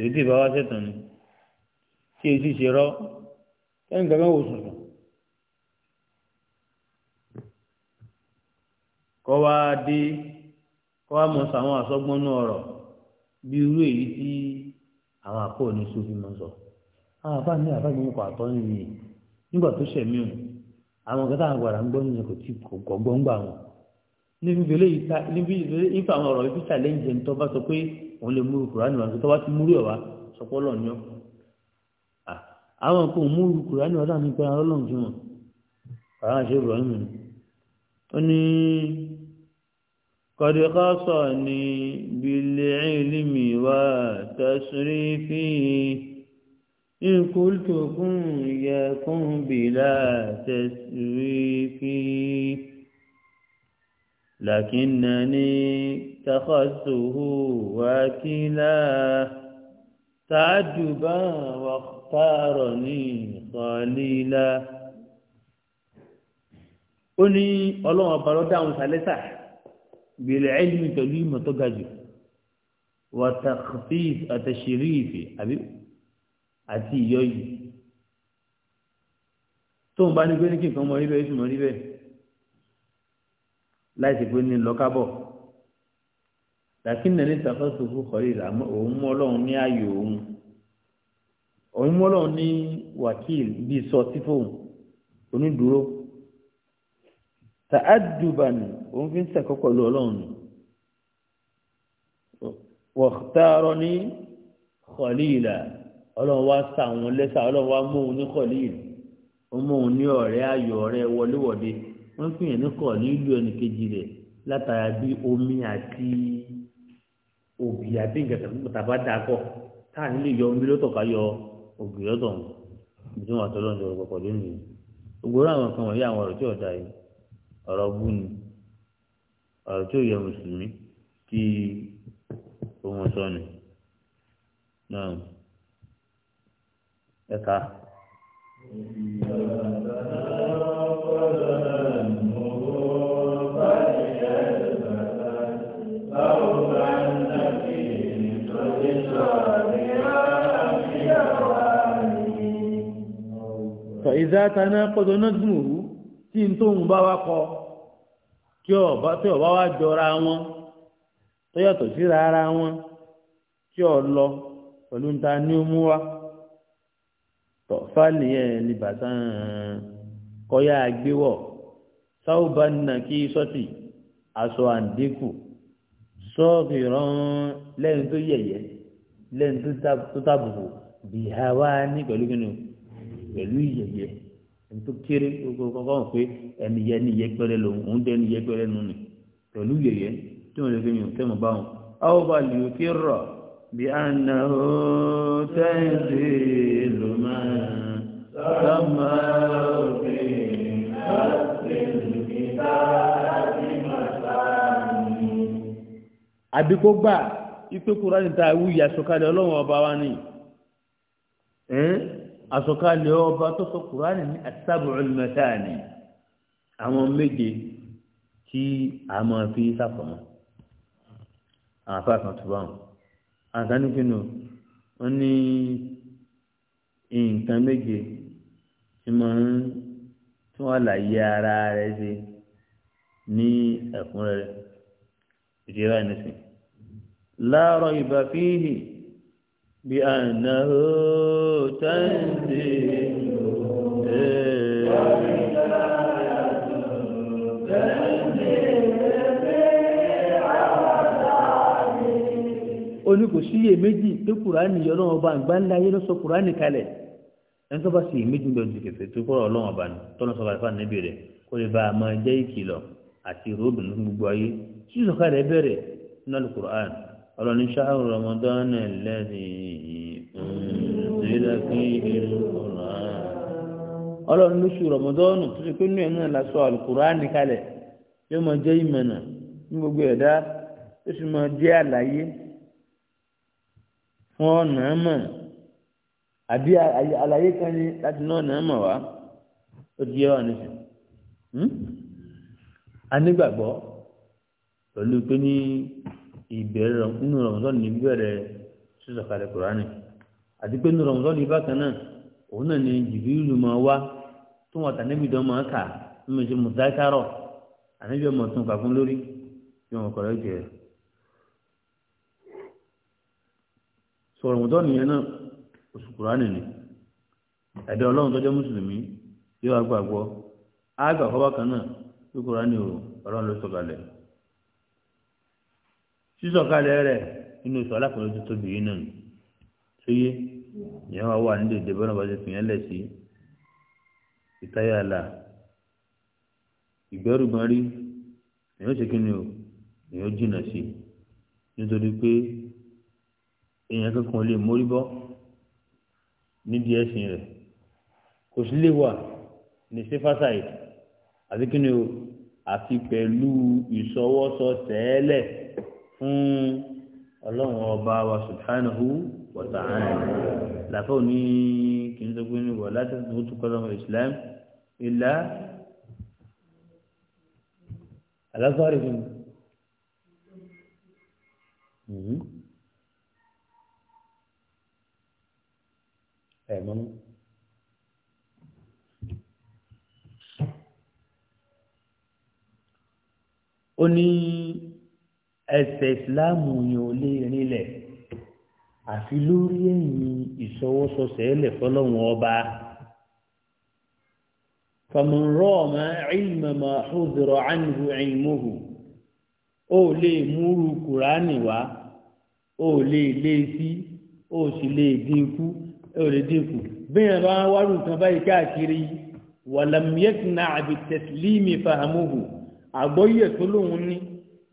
èyí tí ìbáwá sẹ̀tàn ni tí èyí sì ṣe rọ́ ẹ̀yìn kankan wò sùn sùn. kọ́ wá dé kọ́ wá mọ̀ sàwọn àsọgbọ́nú ọ̀rọ̀ bí irú èyí tí àwọn àpò ní sófin mọ̀ sọ. àwọn àbá ní àbá ní kò àtọ́ nìyí nígbà tó ṣẹ̀mí òun àwọn kẹta àgbàrá ń gbọ́ nìyẹn kò tí kò gbọ́ ń gbà wọn. níbi ìfẹ́ àwọn ọ̀rọ̀ ìfísà lẹ́yìn jẹ́ ń tọ́ bá sọ pé òun lè múru kùránì wá tó bá ti múru ẹ̀ wá sọpọ́lọ̀ ni ọ́ àwọn kan múru kùránì wá láàrin pé ọlọ́run fi wọn àwọn àṣẹ ìbọ̀rún mi ó ní kọ́díkọ́sọ ni bílẹ̀ ìlímì wá tẹ̀sírí fi ìkúlùtòkùn yẹ fún bílà tẹ̀sírí fi. لكنني اتخذته وكلا تعجبا واختارني خليلا ó ní ọlọ́run ọba lọ́dọ̀ àwọn sàlẹ́sà gbèrè ẹ́lìmí pẹ̀lú ìmọ̀ tó ga jù wàtàkìfìf àtẹ̀sírí ìfẹ́ àbí àti ìyọ́yì tóun bá ní pé ní kí nǹkan mọ̀ rí láì sì pé ní lọ́kábọ̀ làkínà ní sàkóso fún kọ́rí ìlàmú òun mú ọlọ́run ní ààyò òun òun mú ọlọ́run ní wákìl bíi sọ tí fóun onídùúró tààdùbànù òun fi ń sàkọ́kọ̀ lu ọlọ́run nù wọ̀tàrọ ní kọ́lí ìlà ọlọ́run wá sàwọn lẹ́sà ọlọ́run wá mú òun ní kọ́lí ìlú ó òun ní ọ̀rẹ́ ààyò ọ̀rẹ́ wọléwọ̀de. wọ́n pè yàn ní n'ilu nílùú ẹnìkejì rẹ̀ látara bí omi àti òbí àti nǹkan tàbí tàbá dàkọ̀ táà nílé yọ omi lọ́tọ̀ ká yọ òbí lọ́tọ̀ wọn ìdí wọn àtọ́lọ́ ní ọ̀rọ̀ pọ̀ lónìí gbogbo àwọn nǹkan wọ̀nyí àwọn ọ̀rọ̀ tí yìí ọ̀rọ̀ bú ni ọ̀rọ̀ tí ò yẹ mùsùlùmí sọ ìdá taná kọ́tọ́ náà dùn òwú tí n tóun bá wá kọ kí ọba tí ọba wá jọra wọn tó yàtọ̀ síra ara wọn kí ọ lọ pẹ̀lú ta ní ó mú wa tọ̀ fáàlì yẹn ní bàtàn kọ́yà gbéwọ̀ sáwùbá nà kí sọ́tì aṣọ àǹdínkù sọ́ọ̀kì rán lẹ́yìn tó yẹ̀yẹ́ lẹ́yìn tó tàbùkù bìhá ní pẹ̀lú kínní pẹ̀lú ìyẹ̀yẹ̀ ẹni tó kéré kọ́kọ́ hàn pé ẹni yẹ ni yẹpẹrẹ lòun òun dẹni yẹpẹrẹ nù ni pẹ̀lú ìyẹ̀yẹ̀ tí wọ́n lè fi yàn tẹ́mọ̀ bá wọn. àwọn lè fi rọ̀ bí àná ó tẹ́sí lòmọ́
sọ́mọ́ òfin lọ́sìn ìta àti màsáàmì.
àbíkó gbà ipe kúránì tá a ọlọ́run ọba wa ni àsọkalẹ̀ ọba tó sọ kùránì ní asábùrún mẹ́tàánì àwọn méje tí a máa fi sàfọ̀mọ́ àwọn afá kan tó bá wọn àtàní kínú wọn ní nǹkan méje tí máa tún àlàyé ara rẹ ṣe ní ẹ̀kúnrẹ́rẹ́ ìdíra ẹ̀nìsìn láàárọ̀ ìbàfíìhì. بأنه
تنزيل
oní kò sí iye méjì pé kùránì yọ lọ́wọ́ bá ń gbá ńlá ayé lọ́sọ kùránì kalẹ̀ ẹni tó bá sì méjì ń bẹ ju kẹfẹ tó kọ́rọ̀ ọlọ́wọ́ bá ní tọ́nà sọ̀rọ̀ àlùfáà níbi rẹ̀ kó lè bá a máa jẹ́ ìkìlọ̀ àti ìròdùn gbogbo ayé ọlọ́ni ṣáàrù rọmọdán lẹ́ni ìrìnlẹ̀ fún ìlú ọ̀rán ọlọ́ni lóṣù rọmọdán tó ṣe pé nínú ẹ̀ náà lásọ alukùránì kalẹ̀ yóò máa jẹ́ ìmọ̀nà ní gbogbo ẹ̀dá ó sì máa jẹ́ àlàyé fún ọ̀nà mọ̀ àbí àlàyé kan ní láti ná ọ̀nà mọ̀ wá ó di ẹwà nísìn hmm? anígbàgbọ́ pẹ̀lú pé ní. ìbẹ̀rẹ̀ nínú rọ̀mùsọ́ọ̀nù ní bíbẹ̀rẹ̀ sísọ̀kalẹ̀ kùránì àti pé nínú rọ̀mùsọ́ọ̀nù bákan náà òun náà ni jìbìrìlù máa wá tó wọn tà níbi dán máa kà nínú ìṣe mùsáìkárọ̀ àníbi ọmọ tún kà fún lórí bí wọn kọ̀ lọ́jọ́ rẹ̀. sọ̀rọ̀ náà oṣù kùránì ni ẹ̀dẹ̀ ọlọ́run mùsùlùmí sísọ̀kalẹ̀ rẹ̀ nínú ìsọ̀lá kan ló ti tóbi yìí nù sóyé ìyẹn wá wà nílé ìdìbò náà bá ti fìyẹn lẹ̀ sí ìtayà àlà ìgbẹ́rùgbọ́n rí èèyàn ṣe kí ni o èèyàn jìnnà sí nítorí pé èèyàn kankan lè mórí bọ́ nídìí ẹ̀sìn rẹ̀ kò sí lè wà ní sífàsáì àti kí o àti pẹ̀lú ìsọwọ́sọ tẹ́lẹ̀ fún ọlọ́run ọba wa subhanahu wa ta'ala làfẹ́ òní kì í sọgbọ́n ní wàhálà tó tó tó kọ́lọ́mù islam ilà alásọ́rì fún mi. ẹ̀ ó ní ẹsẹ̀ ìsìláàmù yẹn ò lè rinlẹ̀ àfi lórí ẹ̀yìn ìṣọwọ́sọsẹ̀ ẹlẹ̀ fọlọ́wọn ọba fọmùrọ́ọ̀mọ́ ìlmọ̀mọ́ ọ̀dọ̀rọ̀ ànìhù ẹ̀yìnmọ́hù ó lè múrú kùránì wá ó lè lé sí ó sì lè dínkù ó lè dínkù bí wọn bá wárú nǹkan báyìí káàkiri wàlámìyẹ́tìnà àbí tẹ̀sílímì fàhámùhù àgbọ́yẹ̀ tó lóun ní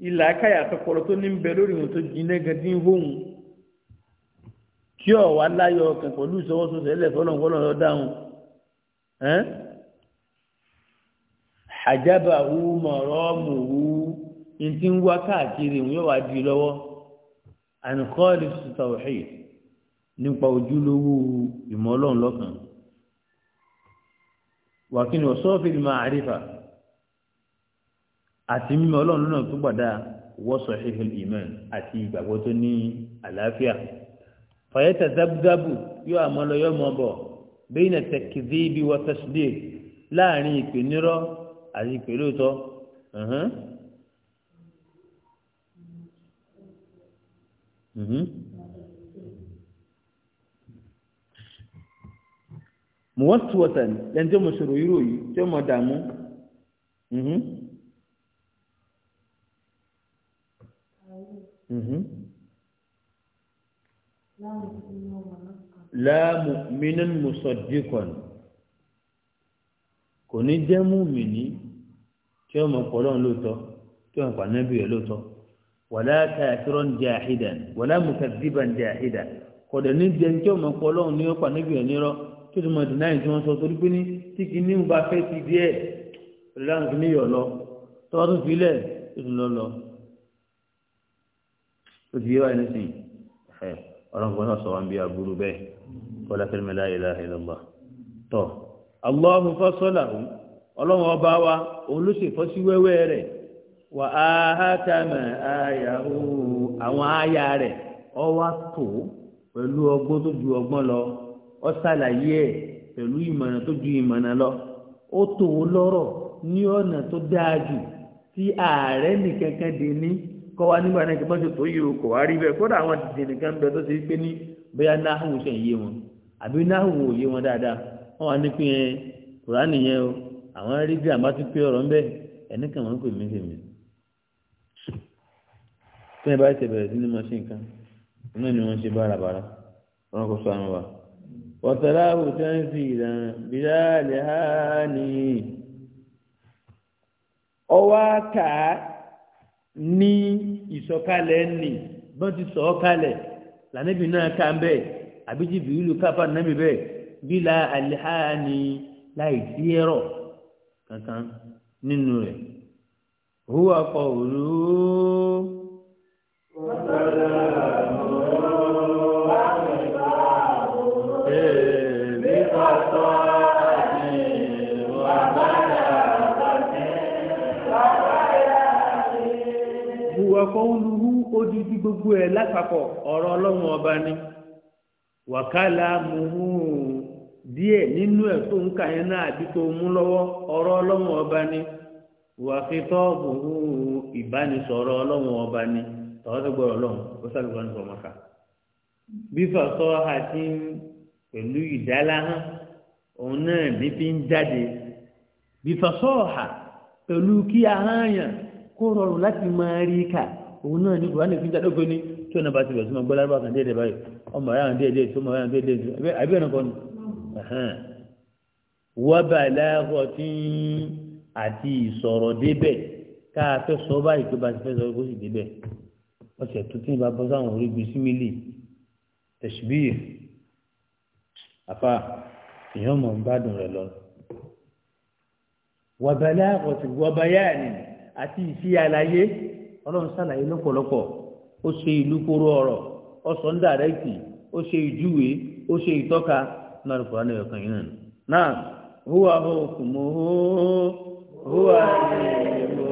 Ilaaka ya àtọkọrọ tó ní lori bẹ lórí wọn tó jiná gẹdín hóun tí ọwà láyọ ọkàn pẹ̀lú ìṣọwọ́sọsọ ẹlẹ fọlọǹfọlọ lọ dáhùn ẹn àjábà wú mọ̀rọ́ mò wú ní ti ń wá káàkiri òun yóò wá di lọ́wọ́ ànkọ́ọ̀lì sùtàwùhì nípa ojúlówó àti mímọ ọlọ́run náà tó gbàdá wọ́sọ̀ ṣẹ́fẹ̀l ìmọ̀ àti ìgbàgbọ́ tó ní àlàáfíà fàyẹ́tà zábúzábù yóò àmọ́ lọ yọ́ mọ́ bọ̀ bẹ́ẹ̀ nà tẹ̀kìdé ibi wọ́tà sílẹ̀ láàrin ìpè nírọ́ àti ìpè lóòótọ́ mùwọ́tùwọ́tà lẹ́ni tó mọ̀ sọ̀rọ̀ yúrò yìí tó mọ̀ dààmú. láàmù mínún mùsọ̀díkọ̀n kò ní jẹ́ múmi ní tí ọmọ pọ̀lọ́n lóòótọ́ tí ọmọ pàdánù rẹ̀ lóòótọ́ wàlá kàkírọ́n jẹ́ àhídàn wàlá mùkàdíbàn jẹ́ àhídàn kọ̀dẹ̀ ní jẹ́ tí ọmọ pọ̀lọ́n ní ọpà níbi ẹ̀ nírọ́ tí ó mọ̀ dìnnáyìn tí wọ́n sọ torí pé ní tí kìíní ń bá fẹ́ ti díẹ̀ rẹ̀ láǹkì níyọ̀ lọ tọ́wọ́ ó ti yé báyìí nísìnyí ẹ ọlọ́run náà sọ wọn bí aburú bẹ́ẹ̀ kọ́lá wa ló rẹ̀ wà áhátàmà hákàmẹ́ àwọn rẹ̀ ọ wá tó pẹ̀lú ọgbọ́n tó ju ọgbọ́n lọ ọ ṣàlàyé ẹ̀ pẹ̀lú ìmọ̀nà tó ju ìmọ̀nà lọ ó lọ́rọ̀ ní ọ̀nà tó dáa jù tí ààrẹ nìkankan kọ́ wa nígbà náà kí wọ́n tó yìí o kò wá rí bẹ́ẹ̀ kódà àwọn tètè kan bẹ tó pé ní náhùn yé wọn àbí náhùn òye wọn dáadáa wọn wà ní pín in kùránì yẹn o àwọn rí bí àbá pé ọ̀rọ̀ ńbẹ́ kan wọ́n pè mí tí wọ́n bá ṣe bẹ̀rẹ̀ sí ní nǹkan ni wọ́n ṣe kò sọ àwọn wa. ní ìsọkalẹ̀ nì bọ́n ti sọ ọ́ kalẹ̀ lànàbì náà ká ń bẹ́ẹ̀ àbíjì bìrìlù káfà nàbì bẹ́ẹ̀ bílà àlìhàní láì sí ẹ̀rọ kankan nínú rẹ̀. هو قوله kọ́ńlùhù odidi gbogbo ẹ̀ lápapọ̀ ọ̀rọ̀ ọlọ́run ọba ni wàkàlà muhu díẹ̀ nínú ẹ̀ tó ń kà yẹn náà àbí tó mú lọ́wọ́ ọ̀rọ̀ ọlọ́run ọba ni wàfitọ́ muhu ìbánisọ̀rọ̀ ọlọ́run ọba ni tọ́wọ́ tó ọlọ́run ó àti pẹ̀lú fi ń jáde pẹ̀lú kí òun náà ní kùránì fi jáde ògbéni tí ọ̀nà bá ti bẹ̀rẹ̀ sí ma gbọ́lá bá kan déédéé báyìí ọmọ ayé àwọn déédéé tó ọmọ ayé àwọn déédéé tó àbí ọ̀nà kan wọ́n bá aláàbọ̀ tí àti ìsọ̀rọ̀ débẹ̀ ká a fẹ́ sọ báyìí tó bá ti fẹ́ sọ kó sì débẹ̀ ọ̀sẹ̀ tó tí ń bá bọ́ sáwọn orígun símílì tẹ̀síbíyì àfa èèyàn mọ̀ ń gbádùn rẹ̀ lọ. wọ́n bá aláàbọ̀ tí wọ́n bá yáà àti ìfi àlàyé ọlọ́run sàlàyé lọ́pọ̀lọpọ̀ ó ṣe ìlú kóró ọ̀rọ̀ ọ̀sán dàrẹ́kì ó ṣe ìjúwe ó ṣe ìtọ́ka náà lọ́pọ̀ ní ọkàn yìí náà húwa hó hó
húwa ìlú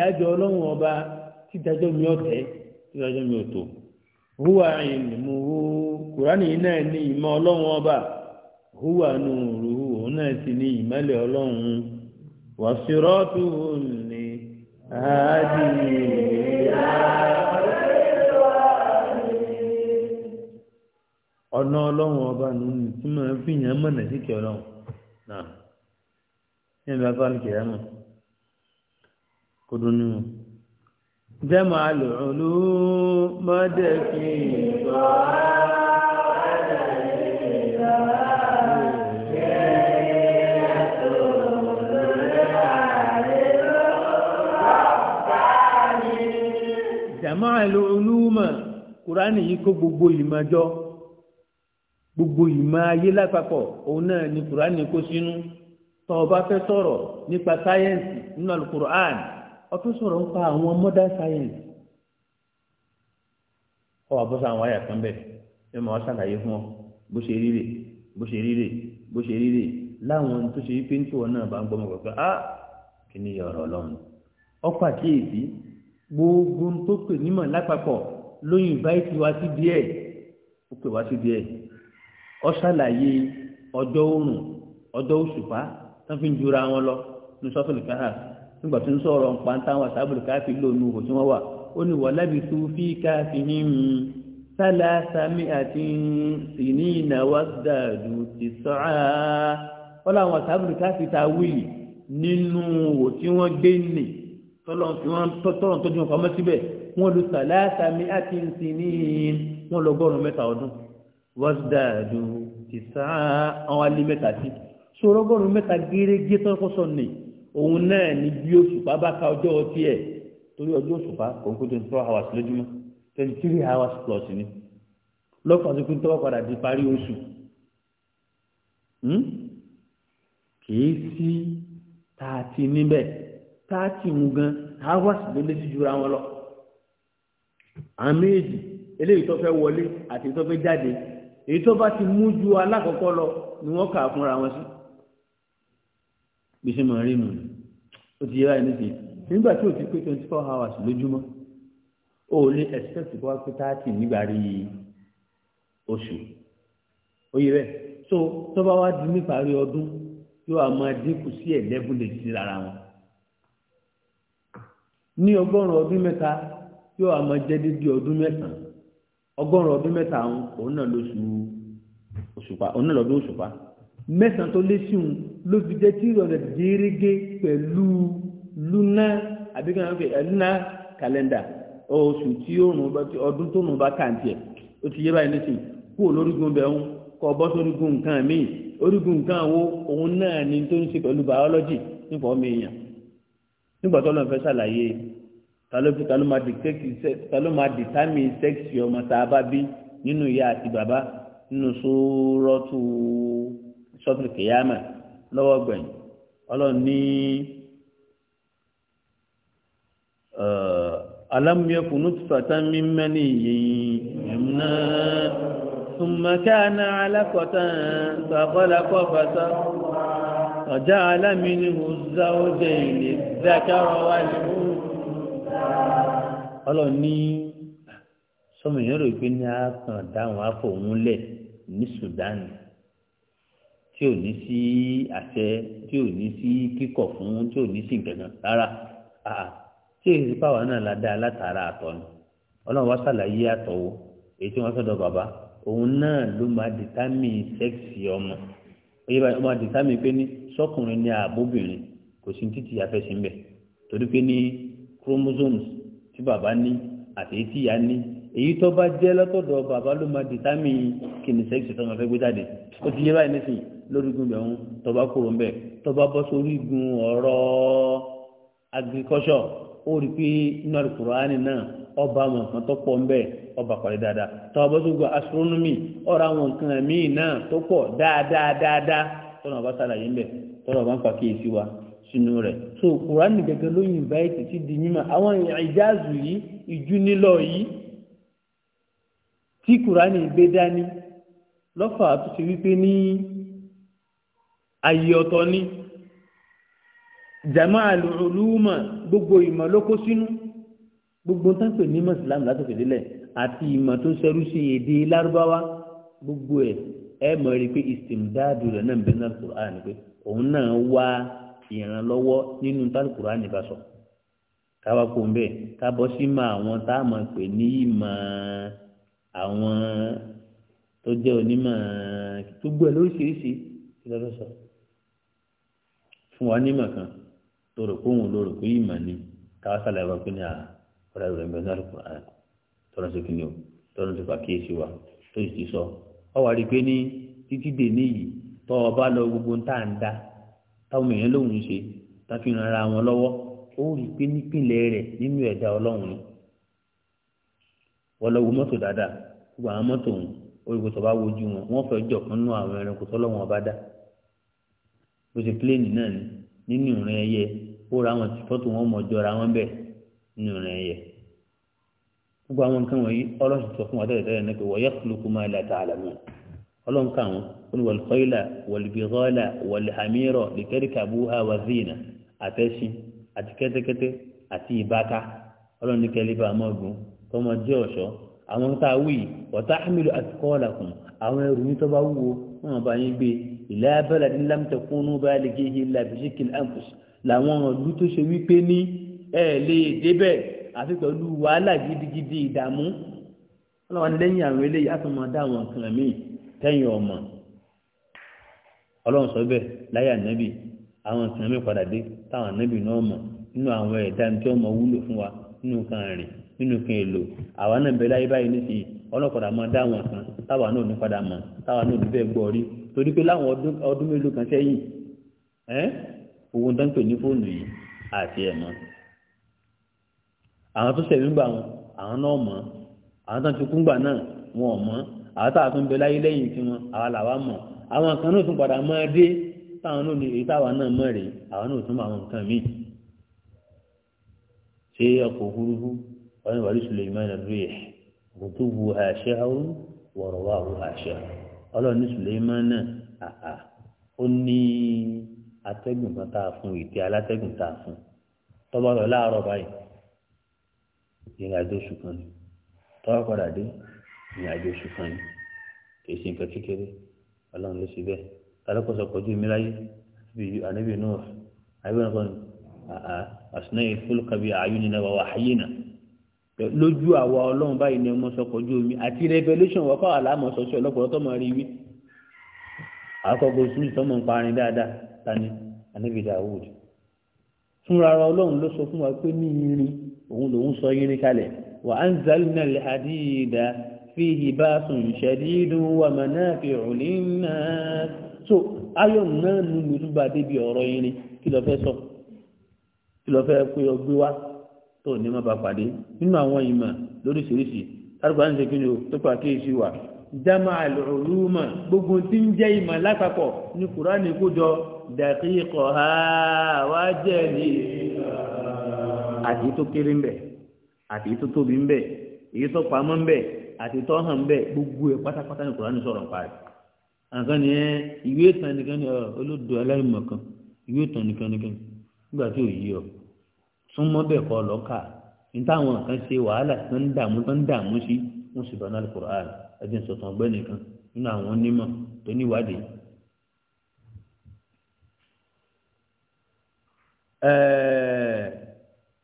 rẹ̀. tí dájọ́ mi ọ̀tẹ́ tí dájọ́ mi ọ̀tọ̀ húwa ìlmù hú kùránì yìí náà ní ìmọ̀ ọlọ́run ọba húwa nù rúhù òun náà sì ní ìmọ̀lẹ̀ ọlọ́run wàṣírọ́tù ní àádìí. ọ̀nà ọlọ́run ọba nù ní tí mo fi yàn mọ̀nà sí kí ọlọ́run náà ní ẹ̀mí afáàlì kìí yàn mọ̀ kó dún ní جمع العلوم مدكي جمع العلوم قرآن يكو gbogbo ìmọ̀jọ gbogbo ìmọ̀ ayé lápapọ̀ òun náà ni kùránì kó sínú tó fẹ́ sọ̀rọ̀ nípa sáyẹ́ǹsì nínú alukur'an ọtún sọ̀rọ̀ ń pa àwọn modern science ọ wà bó sọ àwọn àyà kan bẹ́ẹ̀ ẹ máa ṣàlàyé fún ọ bó ṣe rí rè bó ṣe rí rè bó ṣe rí rè láwọn tó ṣe wípé nítorí náà bá ń gbọmọ pẹpẹ á kí ni ọ̀rọ̀ ọlọ́run ọkọ̀ àkíyèsí gbogbo tó pè nímọ̀ lápapọ̀ lóyún ìbáyìí wá sí díẹ̀ ó pè wá sí díẹ̀ ọ ṣàlàyé ọjọ́ oòrùn ọjọ́ òṣùpá tó fi ń jura wọn lọ ní sọ́fìlì káhà nígbà tó ń sọ̀rọ̀ nǹkan táwọn sábàlù káfí lónìí òhò tí wọ́n wà ó ní wọ́lábì tó fi káfí ní mu sálá sami àti sìní ìnáwó dàdú ti sọ́ra wọ́n láwọn sábàlù káfí ta wíì nínú òhò tí wọ́n gbé nì tọ́lọ̀ tọ́jú nǹkan mọ́ síbẹ̀ wọ́n lu sálá sami àti sìní wọ́n lọ gọ́rùn mẹ́ta ọdún wọ́n dàdú ti sáà àwọn alẹ́ mẹ́ta sí sọ̀rọ̀ gọ́rùn mẹ́ta gẹ́gẹ́ tó kọ́ sọ nìyí òun náà ni bí òṣùpá bá ka ọjọ́ ọtí ẹ̀ torí ọjọ́ òṣùpá kòńkó twenty four hours lójúmọ́ twenty three hours plus ni lọ́kàn tó kún tọ́wọ́ padà di parí oṣù hmm? kìí sí tààtì níbẹ̀ tààtì ń gan hours ló lé sí jura wọn lọ àwọn eléyìí tó fẹ́ wọlé àti tó fẹ́ jáde èyí tó bá ti mú ju alákọ̀ọ́kọ́ lọ ni wọ́n kà fúnra wọn sí bí sí mọ̀ rí nù ó ti yẹra ẹni sí nígbà tí ó ti pé twenty four hours lójúmọ́ ó lé expect kó wá pé thirty nígbà rí oṣù o yẹ bẹ́ẹ̀ so tó bá wá di níparí ọdún yóò á máa dínkù sí eleven days sí lára wọn ní ọgọ́rùn-ún ọdún mẹ́ta yóò á máa jẹ́ dídí ọdún mẹ́sàn-án ọgọ́rùn-ún ọdún mẹ́ta òun náà lóṣù òṣùpá òun náà lọ́dún òṣùpá mẹ́sàn-án tó lé sí òun ló fi jẹ́ tí ìrọ̀lẹ́ gẹ́gẹ́ pẹ̀lú lúná àbíkan lúná kàlẹ́ndà oṣù tí ọdún tó nù bá kàǹtì ẹ̀ ó ti yé báyìí lẹ́sìn kúrò lórígun bẹ̀ ń kọ bọ́ sórígun nǹkan míì orígun nǹkan wo òun náà ni tó ń ṣe pẹ̀lú biology nípa ọmọ èèyàn nígbà tó lọ́n fẹ́ ṣàlàyé tàlófi tàló máa dìtámì sẹ́ksì ọmọ tá a bá bí nínú ìyá àti bàbá nínú sóòrọ́tù sọ́tún kìyàmà lọ́wọ́ gbẹ̀yìn ọlọ́run ní alámúyẹ̀kùn nùtùfàtà mímẹ́ ní ìyẹ̀yìn ẹ̀múná sùnmọ́kánà alákọ̀tà sàkọ́lákọ̀ fàtà ọ̀já alámìnì hùzá ó jẹ́ ilé zákàrọ̀ wà ní ọlọ́run ní sọmọ ìyẹn rò pé ní a dáhùn àfọ̀hún ní sudan tí ò ní sí àṣẹ tí ò ní sí kíkọ̀ fún tí ò ní sí nǹkan kan rárá àà tí èyí ti pàwọn náà la dá látara àtọ̀ ni ọlọ́run wá sàlàyé àtọ̀ wo èyí tí wọ́n sọ́dọ̀ bàbá òun náà ló máa dìtámì sẹ́ẹ̀sì ọmọ oye báyìí ọmọ dìtámì pé ní sọ́kùnrin ni àbóbìnrin kò sí títí afẹ́sí mbẹ̀ torí pé ní chromosomes tí bàbá ní àti èyí tí ní èyí tó bá jẹ́ lọ́tọ̀dọ̀ bàbá ló máa dìtámì kìnnì sẹ́ẹ̀sì tó máa fẹ́ gbé jáde ó ti yé báyìí nísìn lórígun bẹ̀ ń tọba kúrò ń bẹ̀ tọba bọ́ sórí gun ọ̀rọ̀ agrikọ́ṣọ̀ ó rí pé inú alukùránì náà ọba àwọn nǹkan tó pọ̀ ń bẹ̀ ọba pàdé dáadáa tọba bọ́ sórí gun astronomy ọ̀rọ̀ àwọn nǹkan míì náà tó pọ̀ dáadáa dáadáa tọ́nà so kùránì gẹ́gẹ́ lóyìn báyìí títí di mímọ́ àwọn ìjáàzù yìí ìjú nílọ yìí tí kùránì gbé dání lọ́fà tó ṣe wípé ní ayé ọ̀tọ̀ ni jama alùlùmọ̀ gbogbo ìmọ̀ ló kó sínú gbogbo ń tánpẹ̀ ní mọ̀sílámù látòkè délẹ̀ àti ìmọ̀ tó ń ṣerú sí èdè lárúbáwá gbogbo ẹ̀ ẹ mọ̀ rí pé ìsìndáàdù rẹ̀ náà ń bẹ náà kùránì pé òun náà wá ìrànlọ́wọ́ nínú tálù kùránì bá sọ káwá kó ń bẹ̀ kábọ́ sí mọ àwọn táàmù pè ní ìmọ̀ ẹ̀ àwọn tó jẹ́ onímọ̀ gbogbo ẹ̀ lóríṣiríṣi kí lọ́dọ̀ sọ fún wa nímọ̀ kan tó rò kóhùn ló rò pé ìmọ̀ káwá wa pé ní àrà ọ̀rẹ́ rẹ̀ náà lùkùn àrà sí ọ wà rí i pé ní títí dè gbogbo tá à ń táwọn èèyàn ṣe ràn ara wọn lọ́wọ́ wọ́n lọ wo mọ́tò dáadáa gbogbo àwọn mọ́tò òun orígbò tó bá wojú wọn wọ́n fẹ́ jọ̀kan nú àwọn ẹranko tọ́lọ́wọ́n bá dá bó ṣe pléènì náà ni nínú ìrìn ẹyẹ ó ra àwọn tìfọ́tò wọn mọ̀ jọra wọn bẹ̀ nínú ìrìn ẹyẹ gbogbo àwọn nǹkan wọ̀nyí ọlọ́sùn sọ fún wa tẹ́lẹ̀ náà pé wọ́n kúlùkù máa ilẹ̀ àti àlàmù ọlọ́nkà wọn ó ní wàlùkọ́ìlà kọ́mọ jẹ́ ọ̀ṣọ́ àwọn tá a wí wọ́tá hamilu asikọ́ọ̀lá kùn àwọn ẹrù ní tọ́ba wúwo wọn bá yín gbé ìlà abẹ́lẹ̀ ní lámtẹ̀kúnnú bá lè gé yìí làbíṣíkì lámpus làwọn ọ̀lú tó ṣe wípé ní ẹ lè débẹ̀ àfi pẹ̀lú wàhálà gidigidi ìdààmú ọlọ́wọ́n lẹ́yìn àwọn eléyìí á tún àwọn nǹkan míì tẹ́yìn ọmọ ọlọ́run sọ bẹ́ẹ̀ láyé ànábì àwọn nǹkan míì padà dé táwọn ànábì náà mọ̀ nínú àwọn ẹ̀dá tí wọ́n wúlò fún wa nínú kan rìn nínú kí n lò àwa náà bẹ láyé báyìí nísìnyí ọlọ́kọ̀dà máa dá àwọn kan táwa náà ní padà mọ̀ táwa náà ní bẹ́ẹ̀ gbọ́ rí torí pé láwọn ọdún mélòó kan sẹ́yìn ẹ́ owó ń dánpẹ̀ ní fóònù yìí àti ẹ̀ mọ́ àwọn tó sẹ̀mí gbà wọn àwọn náà mọ̀ àwọn tó ti kúngbà náà wọn ò mọ̀ àwọn táwa tó ń bẹ láyé lẹ́yìn tí wọn àwa làwa mọ̀ àwọn kan náà tún padà máa dé táwọn náà ní èyí táwa náà mọ̀ rèé àwọn náà tún mọ àwọn nǹkan míì ṣé ọkọ̀ òfurufú wọn ni wàlú suleiman rèé kòtò bu àṣẹ ọrùn wọ̀rọ̀wá ọrùn àṣẹ ọlọ́run ní suleiman náà àà ó ní atẹ́gùn kan tá a fún ìtẹ́ alátẹ́gùn tá a fún tọ́ba lọ láàárọ̀ báyìí ìrìn àjò oṣù kan ni tọ́wọ́ padà dé ìrìn àjò oṣù kan ni kì í ṣe nǹkan kékeré ló ṣe bẹ́ẹ̀ tálọ́kọ̀sọ pọ̀jù mi láyé ànábì náà àyẹ̀wò náà kọ́ni àà àṣùnáyè fúlùkàbí àyùnínà wà wà áyé náà lójú àwa ọlọ́run báyìí ni ọmọ sọkọ̀ ojú omi àti revolution wọ́pọ̀ àlámọ̀ sọ́sọ́ ọlọ́pọ̀ tọ́mọ rí wí àkọ́kọ́ sùn tọ́mọ ń parin dáadáa tani anábìdá wood fúnra ara ọlọ́run ló sọ fún wa pé ní irin òun lòun sọ irin kalẹ̀ wà á ń zalina lè àdídà fi ìbá sùn ṣẹ̀dídùn wà mà náà fi òní náà so ayọ̀ náà nínú ìtúbà débi ọ̀rọ̀ irin kí lọ fẹ́ sọ kí lọ fẹ́ pé ọgbé wa tó ní má ba pàdé nínú àwọn ìmọ̀ lóríṣiríṣi tálùkọ́ àti ìṣèkínni o tó pa kéèṣì wà jama alùrùmọ̀ gbogbo tí ń jẹ́ ìmọ̀ lápapọ̀ ní kùránì kójọ dàkíkọ̀ ha wá jẹ́ ní àti tó kéré ń bẹ̀ àti tó tóbi ń bẹ̀ èyí tó pamọ́ ń bẹ̀ àti tó hàn ń bẹ̀ gbogbo ẹ̀ pátápátá ní kùránì sọ̀rọ̀ parí. àǹkan ni ẹ ìwé ìtàn nìkan ni olódò aláìmọ̀ kan ìwé ìtàn nìkan nìkan nígbà tí ò yí ọ súnmọ́ bẹ́ẹ̀ kọ́ lọ́kà nítawọn kan ṣe wàhálà tó ń dààmú tó ń dààmú sí wọn sì lọ́nà alukur'an ẹbí ń sọ̀tàn ọgbẹ́ nìkan nínú àwọn onímọ̀ tó níwádìí.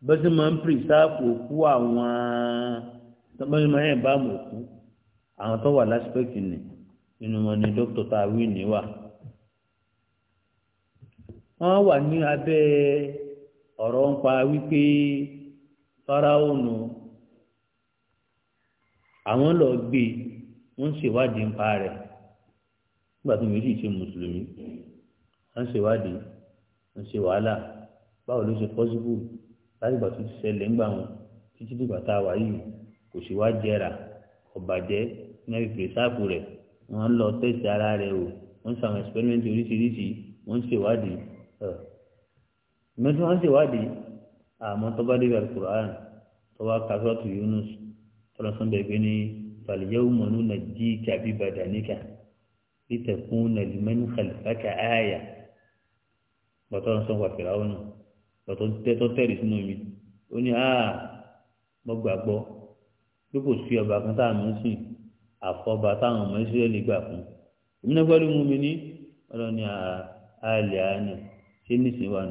bẹ́sẹ̀ máa ń pèsèpò òkú àwọn bẹ́sẹ̀ yẹn bá mọ̀ òkú àwọn tó wà láspẹ́kì ni nínú wọn ni dókítà tá a wí ní wọ́n wà ní abẹ́ ọ̀rọ̀ ń pa wípé fáráhùnù àwọn lọ gbé wọn ṣèwádìí ń pa rẹ̀ nígbà tó mi sì ṣe mùsùlùmí wọn ṣèwádìí wọn ṣe wàhálà báwo ló ṣe pọ́sibú láti gbà tó ti ṣẹlẹ̀ ńgbà wọn títí dìgbà tá a wà yìí kò sì wá jẹrà ọ̀bàjẹ́ ní ẹ̀fẹ̀ sáàpù rẹ̀ wọ́n lọ tẹ̀sí ara rẹ̀ o wọ́n ṣàwọn ẹ̀sìpẹ́rẹ́mẹ́ntì oríṣiríṣi wọ́n ṣèwádìí ìmọ̀ tí wọ́n ń ṣèwádìí àmọ́ tọ́ba débi alukur'an tọ́ba kasọ́tù yunus tọ́lọ́sán bẹ̀ẹ́ gbé ní fàlìyàwó mọ̀nú na jí kàbí bàdàníkà lítẹ̀kùn na lìmẹ́nu kàlífàkà áyà bàtọ́lọ́sán wà fìràwọ́ nù bàtọ́ tẹ̀rì sínú mi ó ní áà mọ́ gbàgbọ́ bí kò sí ọba kan táà mọ́ sí àfọ́ba táwọn ọmọ ìsírẹ́lì gbà fún ìmúnagbálùmù mi ọlọ́ni àlẹ́ àánú ṣé nísìnyí wà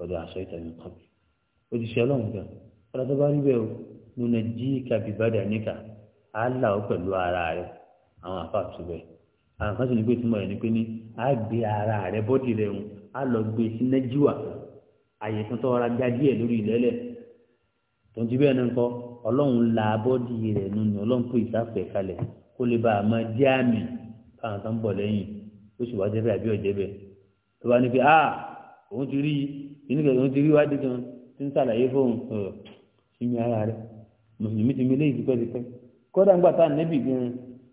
pẹ̀lú aṣọ ìtàgé kan òṣìṣẹ́ ọlọ́run gan ọ̀rọ̀ tó bá rí bẹ́ẹ̀ o nùnà jí kàbí bàdà níkà á là ó pẹ̀lú ara rẹ àwọn àfa tó bẹ́ẹ̀ àwọn kan sì ní pé tí mo rẹ̀ ni pé ní á gbé ara rẹ bọ́dì rẹ hùn á lọ gbé e sí nẹ́jíwà àyè tó tọ́ra gbá díẹ̀ lórí ìlẹ́lẹ̀ tó ń jí bẹ́ẹ̀ náà ọlọ́run la bọ́dì rẹ̀ nùnà ọlọ́run pé ìsáfẹ́ kalẹ̀ kó lè bá a máa jẹ́ àmì fáwọn tó bọ̀ lẹ́yìn ó sì wá jẹ́ àbí ọ̀jẹ́ tó bá ní pé ah òun ti rí inú kẹ̀kẹ́ wọn ti rí wádìí kan tí ń sàlàyé fóun ìmì ara rẹ̀ mùsùlùmí ti mélé ìdúpẹ́dúpẹ́ kọ́dà ńgbà tá nẹ́bì gan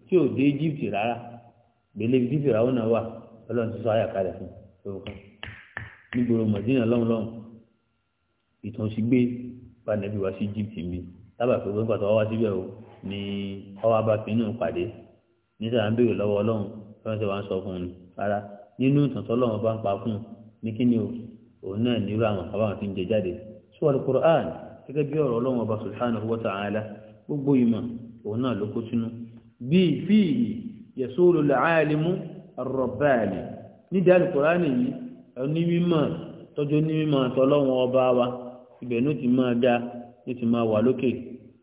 tí ò dé egypt rárá gbélé ibi tí fìràwọ́ náà wà ọlọ́run ti sọ àyàkálẹ̀ fún òkú nígboro mọ̀dínà lọ́hùnlọ́hùn ìtàn sì gbé bá nẹ́bì wá sí egypt mi tábà pé wọ́n pàtó wá síbẹ̀ o ní ọwọ́ bá fi inú pàdé níta tí wọ́n ń pa fún un òun náà nírú àwọn àbáwọn fi ń jẹ jáde sọ́wọ́n alukur'an gẹ́gẹ́ bí ọ̀rọ̀ ọlọ́run ọba sulhanahu wa ta'ala gbogbo ìmọ̀ òun náà ló kó sínú bíi fíì yẹ̀sọ́rọ̀ làálìmú arọ̀báàlì nídìí alukur'an yìí ẹni mímọ̀ tọ́jú ní mímọ̀ tọ́lọ́run ọba wa ibẹ̀ ní ó ti máa ga ní ó ti máa wà lókè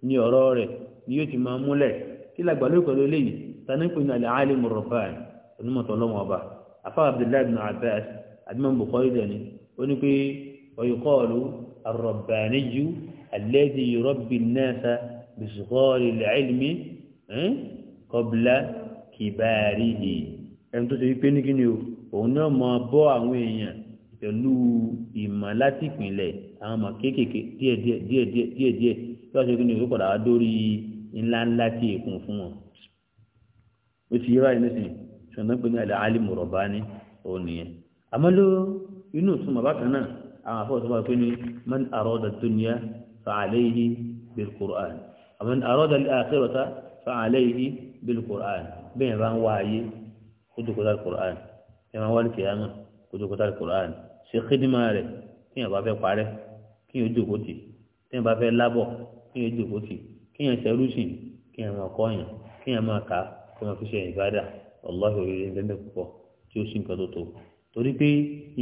ní ọ̀rọ̀ rẹ̀ ni yóò ti máa múlẹ̀ kí làgbàlóyè ó ní pé ọ̀yùkọ́ọ̀lù arọ̀bàníjú alẹ́dí rọ́bì náà bisukọ́ọ̀lì làílmi kọ́bla kìbàárìhì ẹni tó ṣe wípé ní kíni o òun náà mọ bọ́ àwọn èèyàn pẹ̀lú ìmọ̀ láti ìpìnlẹ̀ àwọn ọmọ kéékèèké díẹ̀díẹ̀ díẹ̀díẹ̀ tí wọ́n ṣe kíni o tó padà wá dórí ńláńlá tí èkún fún wọn ó ti yẹ báyìí nísìnyí ṣùgbọ́n pé ní alẹ́ alimu rọ̀bá ni òun nìyẹn àmọ́ ló inú ìtumọ̀ bákan náà àwọn afọ́sọ́fà pé ní man àrọ́dà dúnìá fàálẹ́yìí bilkur'an man àrọ́dà àkẹ́rọ̀ta fàálẹ́yìí bilkur'an bẹ́ẹ̀ bá ń wá ayé kótókótá kur'an bẹ́ẹ̀ bá ń wá ní kìyàmù kótókótá kur'an ṣe xidima rẹ̀ kí yẹn bá fẹ́ parẹ́ kí yẹn jókòó tì kí yẹn bá fẹ́ lábọ̀ kí yẹn jókòó tì kí yẹn ṣẹrú kí yẹn máa kọ́yàn kí yẹn máa kà kí yẹn máa fi ṣe ìbádà ọlọ́hìn oríire ń bẹ́ẹ̀ púpọ̀ tí ó sì ń kọ́ torí pé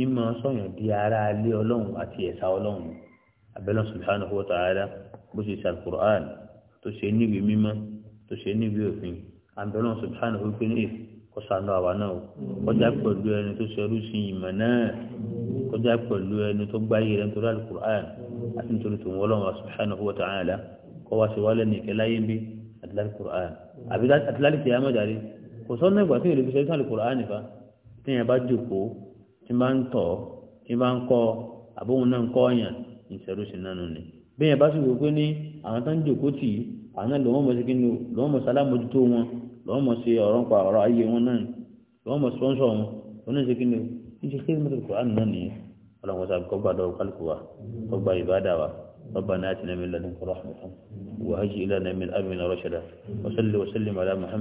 ìmọ̀ sọ̀yàn di ara ilé ọlọ́run àti ẹ̀sà ọlọ́run abẹ́lẹ́ subhanahu wa ta'ala bó ṣe ṣe alukur'an tó ṣe níbi mímọ́ tó ṣe níbi òfin abẹ́lẹ́ subhanahu wa ta'ala kó sànú àwa náà kọjá pẹ̀lú ẹni tó ṣe oríṣi ìmọ̀ náà kọjá pẹ̀lú ẹni tó gbáyé rẹ̀ nítorí alukur'an àti nítorí tòun ọlọ́run subhanahu wa ta'ala kọ́ wá ṣe wálẹ̀ nìkẹ́ láyé bí àtìlálì téèyàn bá jókòó tí bá ń tọ̀ tí bá ń kọ́ àbóhun náà ń kọ́ ọ̀yàn ìṣẹ̀rúṣì náà nù ni béèyàn bá sì wò pé ní àwọn tó ń jókòó tì í àwọn náà lọ́wọ́ mọ̀ sí kí ni lọ́wọ́ mọ̀ sí alámòjútó wọn lọ́wọ́ mọ̀ sí ọ̀rọ̀ ń pa ọ̀rọ̀ ayé wọn náà lọ́wọ́ mọ̀ sponsor wọn wọn náà sí kí ni ṣe kí mọ́tò kùrán náà nìyẹn ọlọ́run ربنا آتنا من لدنك رحمة وهج إلى من الأمن رشدا وصل وسلم على محمد